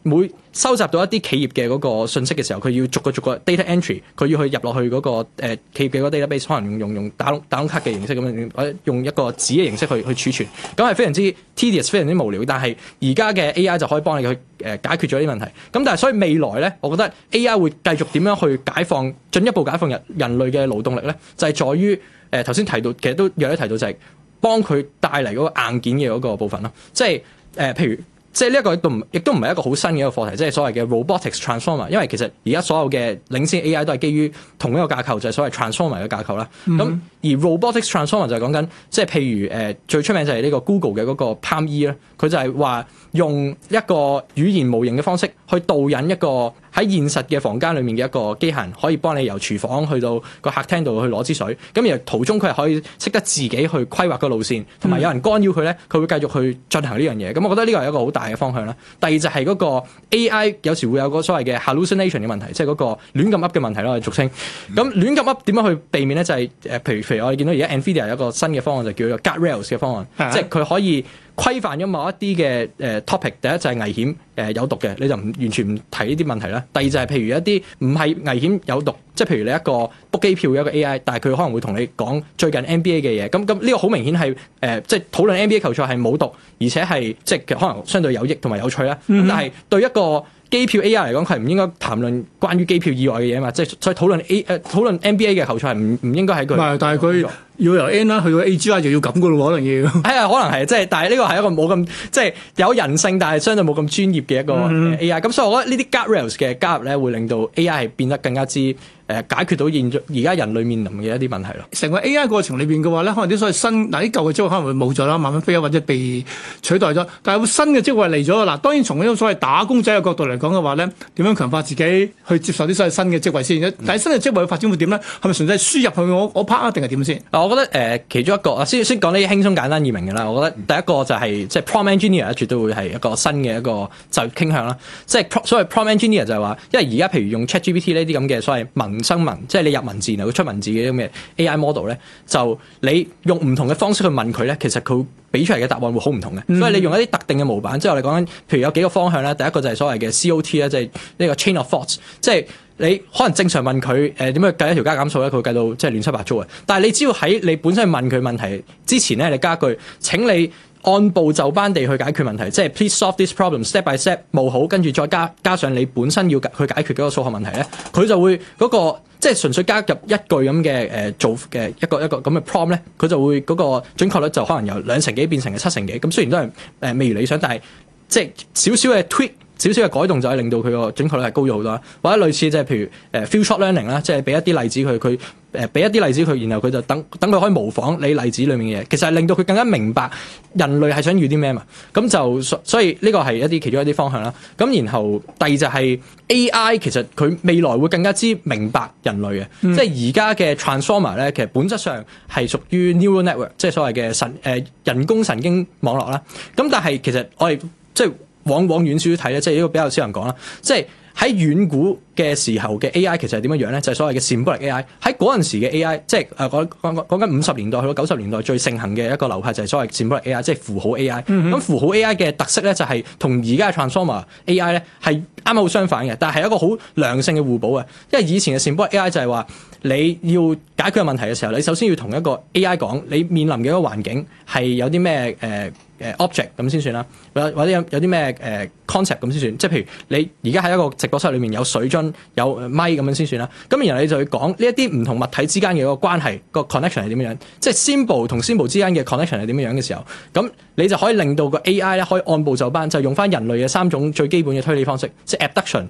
Speaker 3: 每收集到一啲企業嘅嗰個信息嘅時候，佢要逐個逐個 data entry，佢要去入落去嗰、那個、呃、企業嘅嗰個 database，可能用用打打窿卡嘅形式咁樣，或者用一個紙嘅形式去去儲存，咁係非常之 tedious，非常之無聊。但係而家嘅 AI 就可以幫你去誒、呃、解決咗啲問題。咁但係所以未來咧，我覺得 AI 會繼續點樣去解放進一步解放人人類嘅勞動力咧，就係、是、在於誒頭先提到，其實都有一提到就係幫佢帶嚟嗰個硬件嘅嗰個部分啦，即係誒、呃、譬如。即係呢一個亦都唔亦都唔係一個好新嘅一個課題，即係所謂嘅 robotics transformer。因為其實而家所有嘅領先 AI 都係基於同一個架構，就係、是、所謂 transformer 嘅架構啦。咁、mm hmm. 而 robotics transformer 就係講緊，即係譬如誒、呃、最出名就係呢個 Google 嘅嗰個 Palm E 咧，佢就係話用一個語言模型嘅方式去導引一個。喺現實嘅房間裏面嘅一個機械人可以幫你由廚房去到個客廳度去攞支水，咁而途中佢係可以識得自己去規劃個路線，同埋有，有人干擾佢咧，佢會繼續去進行呢樣嘢。咁我覺得呢個係一個好大嘅方向啦。第二就係嗰個 AI 有時會有個所謂嘅 hallucination 嘅問題，即係嗰個亂咁 up 嘅問題咯，我哋俗稱。咁亂咁 up 點樣去避免咧？就係、是、誒，譬如譬如我哋見到而家 NVIDIA 有一個新嘅方案，就叫做 Guardrails 嘅方案，的即係佢可以。規範咗某一啲嘅誒 topic，第一就係危險誒、呃、有毒嘅，你就唔完全唔提呢啲問題啦。第二就係譬如一啲唔係危險有毒，即係譬如你一個 book 機票嘅一個 AI，但係佢可能會同你講最近 NBA 嘅嘢。咁咁呢個好明顯係誒，即、呃、係、就是、討論 NBA 球賽係冇毒，而且係即係可能相對有益同埋有趣啦。但係對一個機票 AI 嚟講，佢係唔應該談論關於機票以外嘅嘢啊嘛。即係所以討論 A 誒討論 NBA 嘅球賽唔唔應該喺佢但係佢。要由 N 啦去到 AGI 就要咁噶咯，可能要。係啊，可能係，即係，但係呢個係一個冇咁即係有人性，但係相對冇咁專業嘅一個、mm hmm. uh, AI。咁所以我覺得呢啲 guard rails 嘅加入咧，會令到 AI 係變得更加之，誒解決到現在而家人類面臨嘅一啲問題咯。成個 AI 過程裏邊嘅話咧，可能啲所謂新嗱啲舊嘅職位可能
Speaker 1: 會冇咗啦，慢慢飛啊，或者被取代咗。但係新嘅職位嚟咗啦。嗱，當然從呢種所謂打工仔嘅角度嚟講嘅話咧，點樣強化自己去接受啲所謂新嘅職位先？但係新嘅職位發展
Speaker 3: 會點咧？係咪、嗯、純粹係輸入去我我 part 定係點先？嗱，我覺得誒、呃、其中一個啊，先先講呢啲輕鬆簡單易明嘅啦。我覺得第一個就係、是、即係 prompt engineer 絕對會係一個新嘅一個就業傾向啦。即係所謂 prompt engineer 就係話，因為而家譬如用 ChatGPT 呢啲咁嘅所謂文生文，即係你入文字啊，佢出文字嘅啲咩 AI model 咧，就你用唔同嘅方式去問佢咧，其實佢俾出嚟嘅答案會好唔同嘅。所以你用一啲特定嘅模板，即係我哋講緊，譬如有幾個方向咧，第一個就係所謂嘅 COT 咧，即係呢個 chain of thoughts，即係你可能正常問佢誒點樣計一條加減數咧，佢會計到即係亂七八糟嘅。但係你只要喺你本身問佢問題之前咧，你加一句請你，按部就班地去解決問題，即係 please solve this problem step by step，冇好跟住再加加上你本身要解去解決嗰個數學問題咧，佢就會嗰、那個即係純粹加入一句咁嘅誒做嘅一個一個咁嘅 prompt 咧，佢就會嗰個準確率就可能由兩成幾變成嘅七成幾，咁、嗯、雖然都係誒、呃、未如理想，但係即係少少嘅 tweak 少少嘅改動就係令到佢個準確率係高咗好多啦，或者類似即係譬如誒、呃、few-shot learning 啦，即係俾一啲例子佢，佢誒俾一啲例子佢，然後佢就等等佢可以模仿你例子裏面嘅嘢，其實係令到佢更加明白人類係想要啲咩嘛。咁就所以呢、這個係一啲其中一啲方向啦。咁然後第二就係、是、AI 其實佢未來會更加之明白人類嘅，嗯、即係而家嘅 transformer 咧，其實本質上係屬於 neural network，即係所謂嘅神誒、呃、人工神經網絡啦。咁但係其實我哋即係。往往遠處睇咧，即係一個比較少人講啦。即係喺遠古嘅時候嘅 AI 其實係點樣樣咧，就係、是、所謂嘅 Symbolic AI。喺嗰陣時嘅 AI，即係誒講講講緊五十年代去到九十年代最盛行嘅一個流派，就係所謂 Symbolic AI，即係符號 AI。咁、嗯嗯、符號 AI 嘅特色咧，就係、是、同而家嘅 Transformer AI 咧係啱啱好相反嘅，但係一個好良性嘅互補啊。因為以前嘅 Symbolic AI 就係話你要解決個問題嘅時候，你首先要同一個 AI 講你面臨嘅一個環境係有啲咩誒？呃誒 object 咁先算啦，或者有有啲咩誒 concept 咁先算，即係譬如你而家喺一個直播室裏面有水樽、有咪咁樣先算啦，咁然後你就會講呢一啲唔同物體之間嘅個關係，一個 connection 係點樣，即係 symbol 同 symbol 之間嘅 connection 係點樣嘅時候，咁你就可以令到個 AI 咧可以按部就班，就用翻人類嘅三種最基本嘅推理方式，即係 abduction。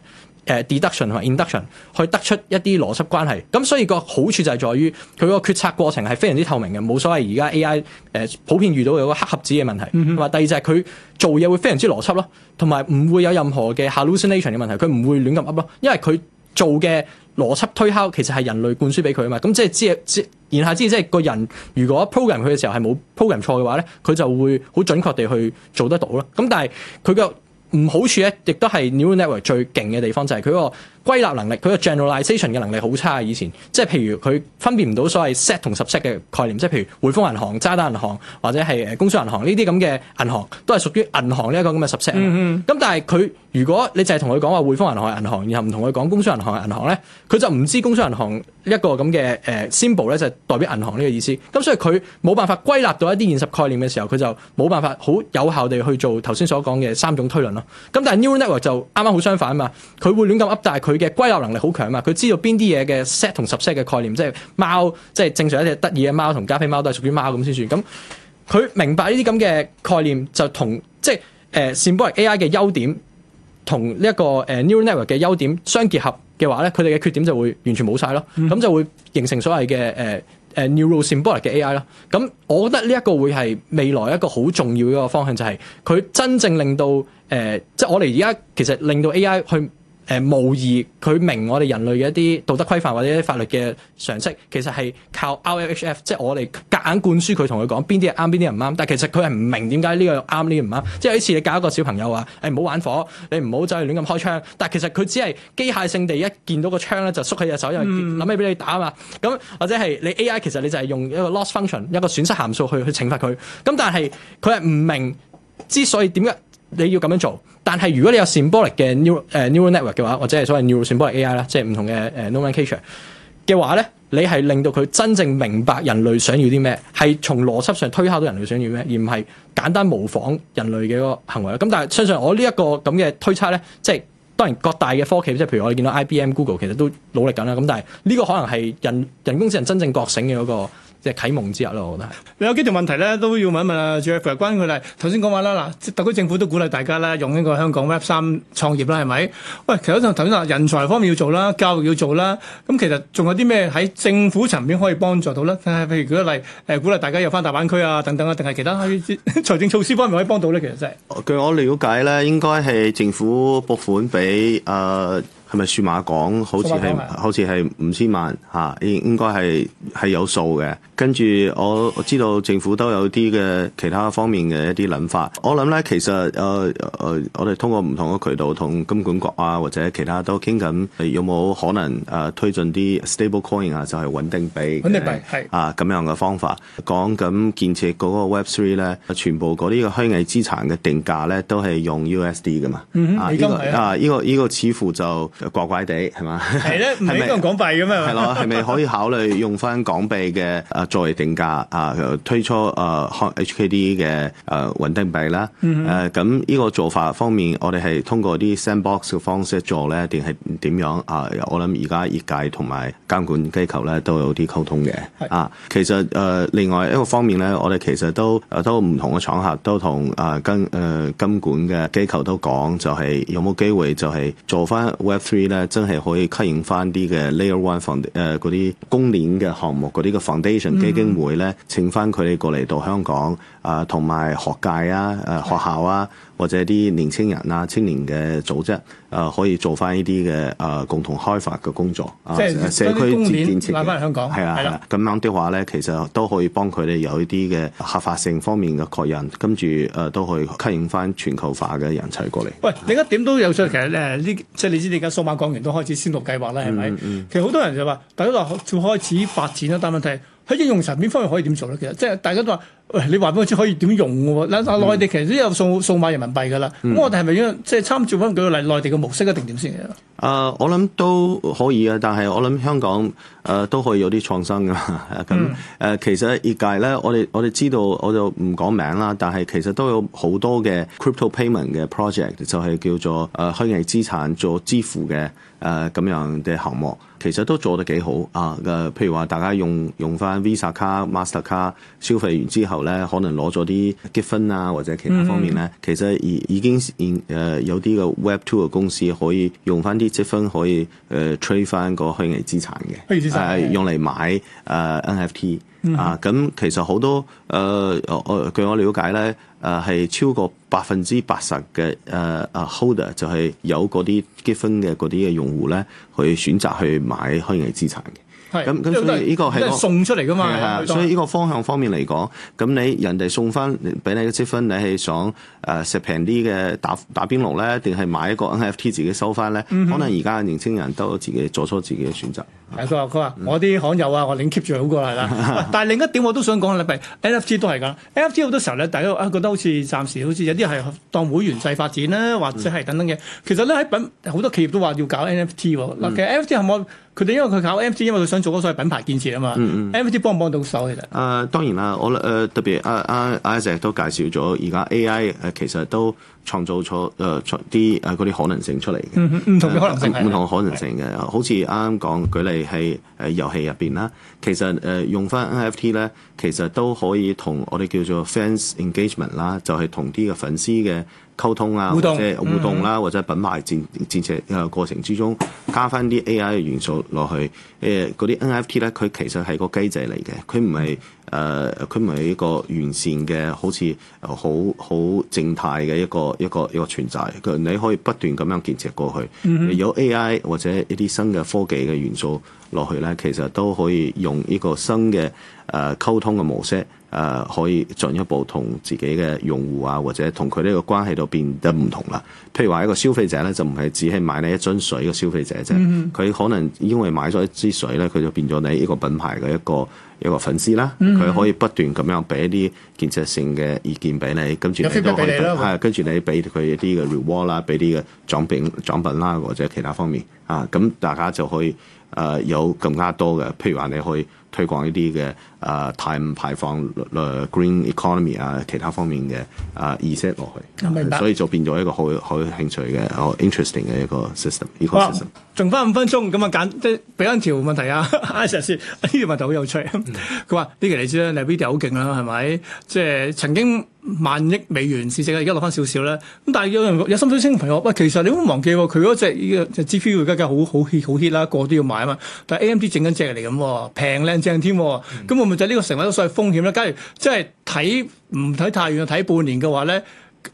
Speaker 3: 誒、啊、deduction 同埋 induction 去得出一啲邏輯關係，咁、嗯、所以個好處就係在於佢個決策過程係非常之透明嘅，冇所謂而家 AI 誒、呃、普遍遇到有個黑盒子嘅問題。同、嗯、哼第二就係佢做嘢會非常之邏輯咯，同埋唔會有任何嘅 hallucination 嘅問題，佢唔會亂咁噏咯，因為佢做嘅邏輯推敲其實係人類灌輸俾佢啊嘛，咁、嗯、即係言下之意即係個人如果 program 佢嘅時候係冇 program 錯嘅話咧，佢就會好準確地去做得到啦。咁、嗯、但係佢嘅唔好處咧，亦都係 New Network 最勁嘅地方，就係佢個歸納能力，佢個 generalization 嘅能力好差。以前即係譬如佢分辨唔到所謂 set 同 subset 嘅概念，即係譬如匯豐銀行、渣打銀行或者係誒工商銀行呢啲咁嘅銀行，都係屬於銀行呢一個咁嘅 subset。咁但係佢如果你淨係同佢講話匯豐銀行係銀行，然後唔同佢講工商銀行係銀行咧，佢就唔知工商銀行一個咁嘅誒 symbol 咧就代表銀行呢個意思。咁所以佢冇辦法歸納到一啲現實概念嘅時候，佢就冇辦法好有效地去做頭先所講嘅三種推論咯。咁但係 neural network 就啱啱好相反啊嘛，佢會亂咁 up，但係佢。嘅歸納能力好強嘛？佢知道邊啲嘢嘅 set 同 subset 嘅概念，即係貓，即係正常一隻得意嘅貓同加菲貓都係屬於貓咁先算。咁、嗯、佢明白呢啲咁嘅概念，就同即係誒、呃、symbolic AI 嘅優點同呢、這、一個誒、呃、neural network 嘅優點相結合嘅話咧，佢哋嘅缺點就會完全冇晒咯。咁、嗯、就會形成所謂嘅誒誒、呃、neural symbolic 嘅 AI 咯、嗯。咁我覺得呢一個會係未來一個好重要嘅一個方向，就係、是、佢真正令到誒、呃，即係我哋而家其實令到 AI 去。誒無疑佢明我哋人類嘅一啲道德規範或者一啲法律嘅常識，其實係靠 RLHF，即係我哋夾硬灌輸佢，同佢講邊啲係啱，邊啲係唔啱。但係其實佢係唔明點解呢個啱呢、呢個唔啱。即係有一次你教一個小朋友話：誒唔好玩火，你唔好走去亂咁開槍。但係其實佢只係機械性地一見到個槍咧，就縮起隻手，因為諗起俾你打啊嘛。咁、嗯、或者係你 AI 其實你就係用一個 loss function 一個損失函數去去懲罰佢。咁但係佢係唔明之所以點解你要咁樣做。但係如果你有 symbolic 嘅 neural 誒 neural network 嘅話，或者係所謂 neural symbolic AI 啦，即係唔、uh, 同嘅誒 nomenclature 嘅話咧，你係令到佢真正明白人類想要啲咩，係從邏輯上推敲到人類想要咩，而唔係簡單模仿人類嘅嗰個行為啦。咁但係相信我呢一個咁嘅推測咧，即係當然各大嘅科技，即係譬如我哋見到 IBM、Google 其實都努力緊啦。咁但係呢個可能係人人工智能真正覺醒嘅嗰、那個。即係啟蒙之日咯，我覺得你有幾條問題咧，都要問一問
Speaker 1: 啊，Chief。關，關於佢嚟頭先講話啦，嗱，特區政府都鼓勵大家咧，用呢個香港 Web 三創業啦，係咪？喂，其實就頭先話人才方面要做啦，教育要做啦，咁其實仲有啲咩喺政府層面可以幫助到咧？譬如舉個例，誒、呃，鼓勵大家入翻大灣區啊，等等啊，定係其他喺 [laughs] 財政措施方面可以幫到咧？其實真係。
Speaker 2: 據我了解咧，應該係政府撥款俾誒。呃係咪數碼港好似係好似係五千萬嚇？應應該係有數嘅。跟住我知道政府都有啲嘅其他方面嘅一啲諗法。我諗咧，其實誒誒，我哋通過唔同嘅渠道同金管局啊或者其他都傾緊，有冇可能誒推進啲 stable coin 啊，就係穩定幣。穩定幣係啊咁樣嘅方法講緊建設嗰個 Web Three 咧，全部嗰啲嘅虛擬資產嘅定價咧，都係用 USD 嘅嘛？嗯哼，依個依個似乎就。怪怪哋，係嘛？係咧，唔用
Speaker 3: 港幣咁啊嘛？係 [laughs] 咯，係咪
Speaker 2: 可以考慮用翻港幣嘅啊作為定價啊？推出啊 H K D 嘅啊穩定幣啦。誒咁呢個做法方面，我哋係通過啲 sandbox 嘅方式做咧，定係點樣啊？我諗而家業界同埋監管機構咧都有啲溝通嘅。是啊，其實誒、啊、另外一個方面咧，我哋其實都都唔同嘅廠客都同啊金誒、呃、金管嘅機構都講，就係有冇機會就係做翻 three 咧真係可以吸引翻啲嘅 layer one 誒啲公鏈嘅項目啲嘅 foundation 基金會咧，請翻佢哋過嚟到香港啊，同埋學界啊、誒學校啊，或者啲年青人啊、青年嘅組織啊可以做翻呢啲嘅誒共同開發嘅工作，即係社區自建設。攞翻香港係啊，咁樣的話咧，其實都可以幫佢哋有一啲嘅合法性方面嘅確認，跟住誒都可以吸引翻全球化嘅人才過嚟。喂、
Speaker 1: yeah,，另一點都有出其實誒呢，即係你知而家。quiet windows pic cription al gangen damned title 數碼港元都開始先導計劃啦，係咪？嗯嗯、其實好多人就話，大家都話仲開始發展啦，啊，但問題喺應用層面方面可以點做咧？其實即係大家都話。喂，你話俾我知可以點用喎？嗱，內地其實都有數數碼人民幣嘅啦。咁、嗯、我哋係咪要即係參照翻舉個例內地嘅模式，一定點先啊？
Speaker 2: 我諗都可以嘅，但係我諗香港誒、呃、都可以有啲創新嘅咁誒，其實業界咧，我哋我哋知道，我就唔講名啦。但係其實都有好多嘅 crypto payment 嘅 project，就係叫做誒虛擬資產做支付嘅誒咁樣嘅項目，其實都做得幾好啊、呃。譬如話，大家用用翻 Visa 卡、card, Master 卡消費完之後。咧可能攞咗啲積分啊，或者其他方面咧，mm hmm. 其實已已經誒有啲嘅 Web Two 嘅公司可以用翻啲積分，可以誒 trade 翻個虛擬資產嘅虛擬資產係用嚟買誒 NFT 啊。咁其實好多誒、呃、據我了解咧，誒、啊、係超過百分之八十嘅誒誒 Holder 就係有嗰啲積分嘅嗰啲嘅用戶咧，去選擇去買虛擬資產嘅。
Speaker 1: 咁咁 [music] 所以依個係送出嚟噶嘛，的的所以呢
Speaker 2: 個方向方面嚟講，咁你人哋送翻俾你嘅積分，你係想誒食平啲嘅打打邊爐咧，定係買一個 NFT 自己收翻咧？嗯、哼可能而家年輕人都自己做出自己嘅選擇。
Speaker 1: 係，佢話：佢話我啲罕有啊，我領 keep 住好過係啦。 [laughs] 但係另一點我都想講，例如 NFT 都係噶，NFT 好多時候咧，大家啊覺得好似暫時好似有啲係當會員制發展啦，或者係等等嘅。其實咧喺品好多企業都話要搞 NFT 喎。嗱，其實 NFT 係咪？佢哋因為佢搞 NFT，因為佢想做嗰所謂品牌建設啊嘛。NFT、嗯嗯、幫唔幫到手其實？誒、
Speaker 2: uh, 當然啦，我誒、uh, 特別誒阿阿阿石都介紹咗而家 AI 誒其實都創造咗誒啲誒嗰啲可能性出嚟嘅。唔
Speaker 1: 唔、嗯嗯，唔同可能性嘅。唔、uh, 的同
Speaker 2: 可能性嘅的，是的 好似啱啱講舉例係誒遊戲入邊啦，其實誒、uh, 用返 NFT 咧，其實都可以同我哋叫做 fans engagement 啦，就係同啲嘅粉絲嘅。溝通啊，即係互動啦，嗯、或者品牌建建設過程之中，加翻啲 AI 嘅元素落去。誒、呃，嗰啲 NFT 咧，佢其實係個機制嚟嘅，佢唔係誒，佢唔係一個完善嘅，好似好好靜態嘅一個一個一個，一個存在。佢你可以不斷咁樣建設過去。嗯、有 AI 或者一啲新嘅科技嘅元素落去咧，其實都可以用呢個新嘅誒、呃、溝通嘅模式。誒、呃、可以進一步同自己嘅用戶啊，或者同佢呢個關係度變得唔同啦。譬如話一個消費者咧，就唔係只係買你一樽水嘅消費者啫。佢、mm hmm. 可能因為買咗一支水咧，佢就變咗你呢個品牌嘅一個一個粉絲啦。佢、mm hmm. 可以不斷咁樣俾一啲建設性嘅意見俾你，跟住你都可以係、啊、跟住你俾佢一啲嘅 reward 啦，俾啲嘅獎品獎品啦，或者其他方面啊。咁大家就可以誒、呃、有更加多嘅，譬如話你可以推廣呢啲嘅。Uh, 碳排放、imes, green economy 啊、uh,，其他方面嘅 reset 落去，uh, e
Speaker 1: Z, uh, 明白。所以
Speaker 2: 就變咗一個好、好興趣嘅、好 interesting 嘅一個 system、ecosystem。
Speaker 1: 哇！仲翻五分鐘，咁啊揀即係俾緊條問題啊，阿 Sir，呢條問題好有趣。佢 [laughs] 話、嗯：呢個例子咧 Nvidia 好勁啦，係咪？即係曾經萬億美元市值啊，而家落翻少少啦。咁但係有有心水清嘅朋友，喂，其實你唔好忘記喎，佢嗰隻 GPU e 家而家好、好 hit、好 hit 啦，個都要買啊嘛。但係 AMD 整緊隻嚟咁平靚正添，咁就係呢個成為一個所謂風險啦。假如即係睇唔睇
Speaker 3: 太遠，睇半年嘅話咧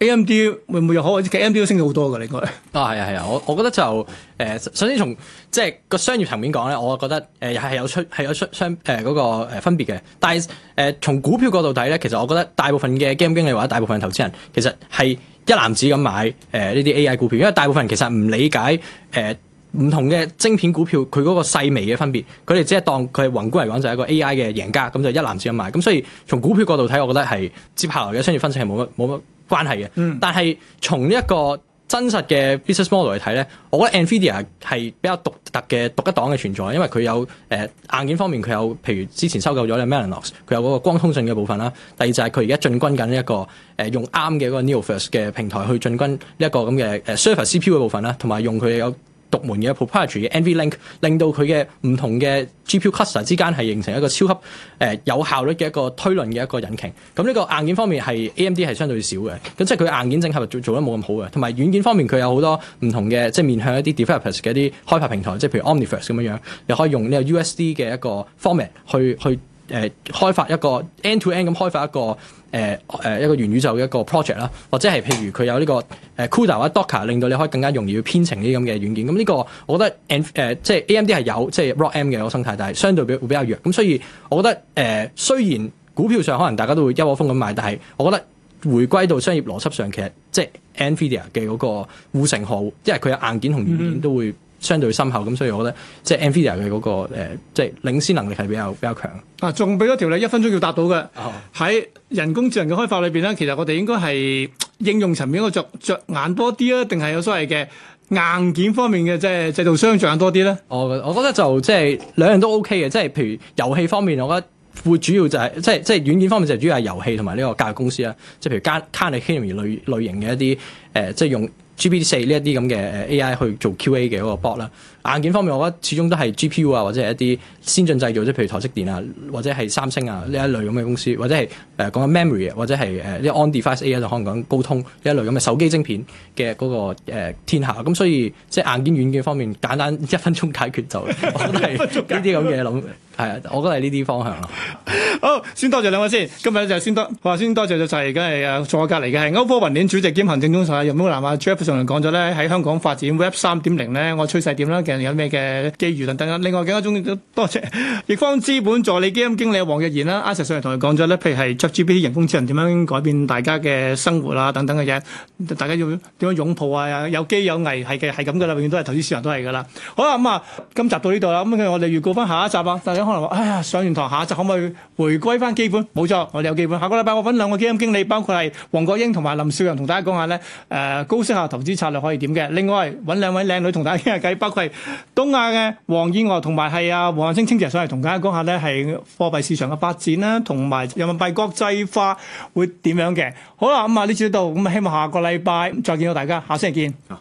Speaker 3: ，AMD 會唔會又好？我知 AMD 都升咗好多嘅，應該。啊，係啊，係啊，我我覺得就誒、呃，首先從即係個商業層面講咧，我覺得誒係、呃、有出係有出相誒嗰個分別嘅。但係誒、呃、從股票角度睇咧，其實我覺得大部分嘅基金經理或者大部分投資人其實係一籃子咁買誒呢啲 AI 股票，因為大部分人其實唔理解誒。呃唔同嘅晶片股票，佢嗰個細微嘅分別，佢哋只係當佢係宏觀嚟講就係、是、一個 AI 嘅贏家，咁就一籃子咁買。咁所以從股票角度睇，我覺得係接下來嘅商業分析係冇乜冇乜關係嘅。嗯、但係從呢一個真實嘅 business model 嚟睇咧，我覺得 Nvidia 係比較獨特嘅獨一檔嘅存在，因為佢有誒、呃、硬件方面佢有，譬如之前收購咗嘅 Mellanox 佢有嗰個光通訊嘅部分啦。第二就係佢而家進軍緊一、這個誒、呃、用 Arm 嘅嗰個 Neoverse 嘅平台去進軍呢一個咁嘅誒 server CPU 嘅部分啦，同埋用佢有。獨門嘅 proprietary NVLink 令到佢嘅唔同嘅 GPU cluster 之間係形成一個超級誒、呃、有效率嘅一個推論嘅一個引擎。咁、嗯、呢、這個硬件方面係 AMD 係相對少嘅，咁、嗯、即係佢硬件整合做做，做得冇咁好嘅。同埋軟件方面佢有好多唔同嘅，即係面向一啲 developers 嘅一啲開發平台，即係譬如 Omniverse 咁樣樣，你可以用呢個 USD 嘅一個 format 去去。去誒、呃、開發一個 end to end 咁開發一個誒誒、呃呃、一個元宇宙嘅一個 project 啦，或者係譬如佢有呢個誒 CUDA 或 Docker，令到你可以更加容易去編程呢啲咁嘅軟件。咁、嗯、呢、這個我覺得誒、呃、即係 AMD 係有即係 Rock M 嘅嗰個生態，但係相對比會比較弱。咁、嗯、所以我覺得誒、呃、雖然股票上可能大家都會一窩蜂咁買，但係我覺得回歸到商業邏輯上，其實 N 即係 NVIDIA 嘅嗰個護城河，因為佢有硬件同軟件都會、嗯。相對深厚咁，所以我覺得即係、就是、NVIDIA 嘅嗰、那個即係、呃就是、領先能力係比較比較強。啊，仲俾咗條例一分鐘要達到嘅。喺、哦、人工智能嘅開發裏
Speaker 1: 邊咧，其實我哋應該係應用層面嗰著着眼多啲啊，定係有所謂嘅
Speaker 3: 硬件方面嘅即係制度商著眼多啲咧？我覺我覺得就即係、就是、兩樣都 OK 嘅。即、就、係、是、譬如遊戲方面，我覺得會主要就係即係即係軟件方面就係主要係遊戲同埋呢個教育公司啦。即、就、係、是、譬如 Game、Card m e 類型嘅一啲誒，即、呃、係、就是、用。GPT 四呢一啲咁嘅誒 AI 去做 QA 嘅嗰個 bot 啦。硬件方面，我覺得始終都係 G P U 啊，或者係一啲先進製造，即係譬如台積電啊，或者係三星啊呢一類咁嘅公司，或者係誒講緊 memory 啊，或者係誒啲 on device AI 就可能講高通呢一類咁嘅手機晶片嘅嗰個天下。咁所以即係硬件、軟件方面，簡單一分鐘解決就係呢啲咁嘅諗，係啊，我覺得係呢啲方向咯。好，先多謝兩位先。今日就先多話先多謝咗就係，梗
Speaker 1: 係啊坐我隔離嘅歐科雲鏈主席兼行政總裁任煜男 Jeff 上講咗咧，喺香港發展 Web 三點零咧，我趨勢點咧有咩嘅機遇等等，另外幾個鐘都多謝易方資本助理基金經理王逸研啦，啱先上嚟同佢講咗咧，譬如係 ChatGPT 人工智能點樣改變大家嘅生活啊等等嘅嘢，大家要點樣擁抱啊？有機有危係嘅，係咁噶啦，永遠都係投資市場都係噶啦。好啦，咁啊，今集到呢度啦，咁我哋預告翻下一集啊，大家可能話：哎呀，上完堂下一集可唔可以回歸翻基本？冇錯，我哋有基本。下個禮拜我揾兩個基金經理，包括係黃國英同埋林少陽，同大家講下咧誒高息下投資策略可以點嘅。另外揾兩位靚女同大家傾下偈，包括係。東亞嘅黃燕娥同埋係啊黃雲清姐上嚟同大家講下咧，係貨幣市場嘅發展啦，同埋人民幣國際化會點樣嘅？好啦，咁啊呢次到，咁啊希望下個禮拜再見到大家，下星期見。啊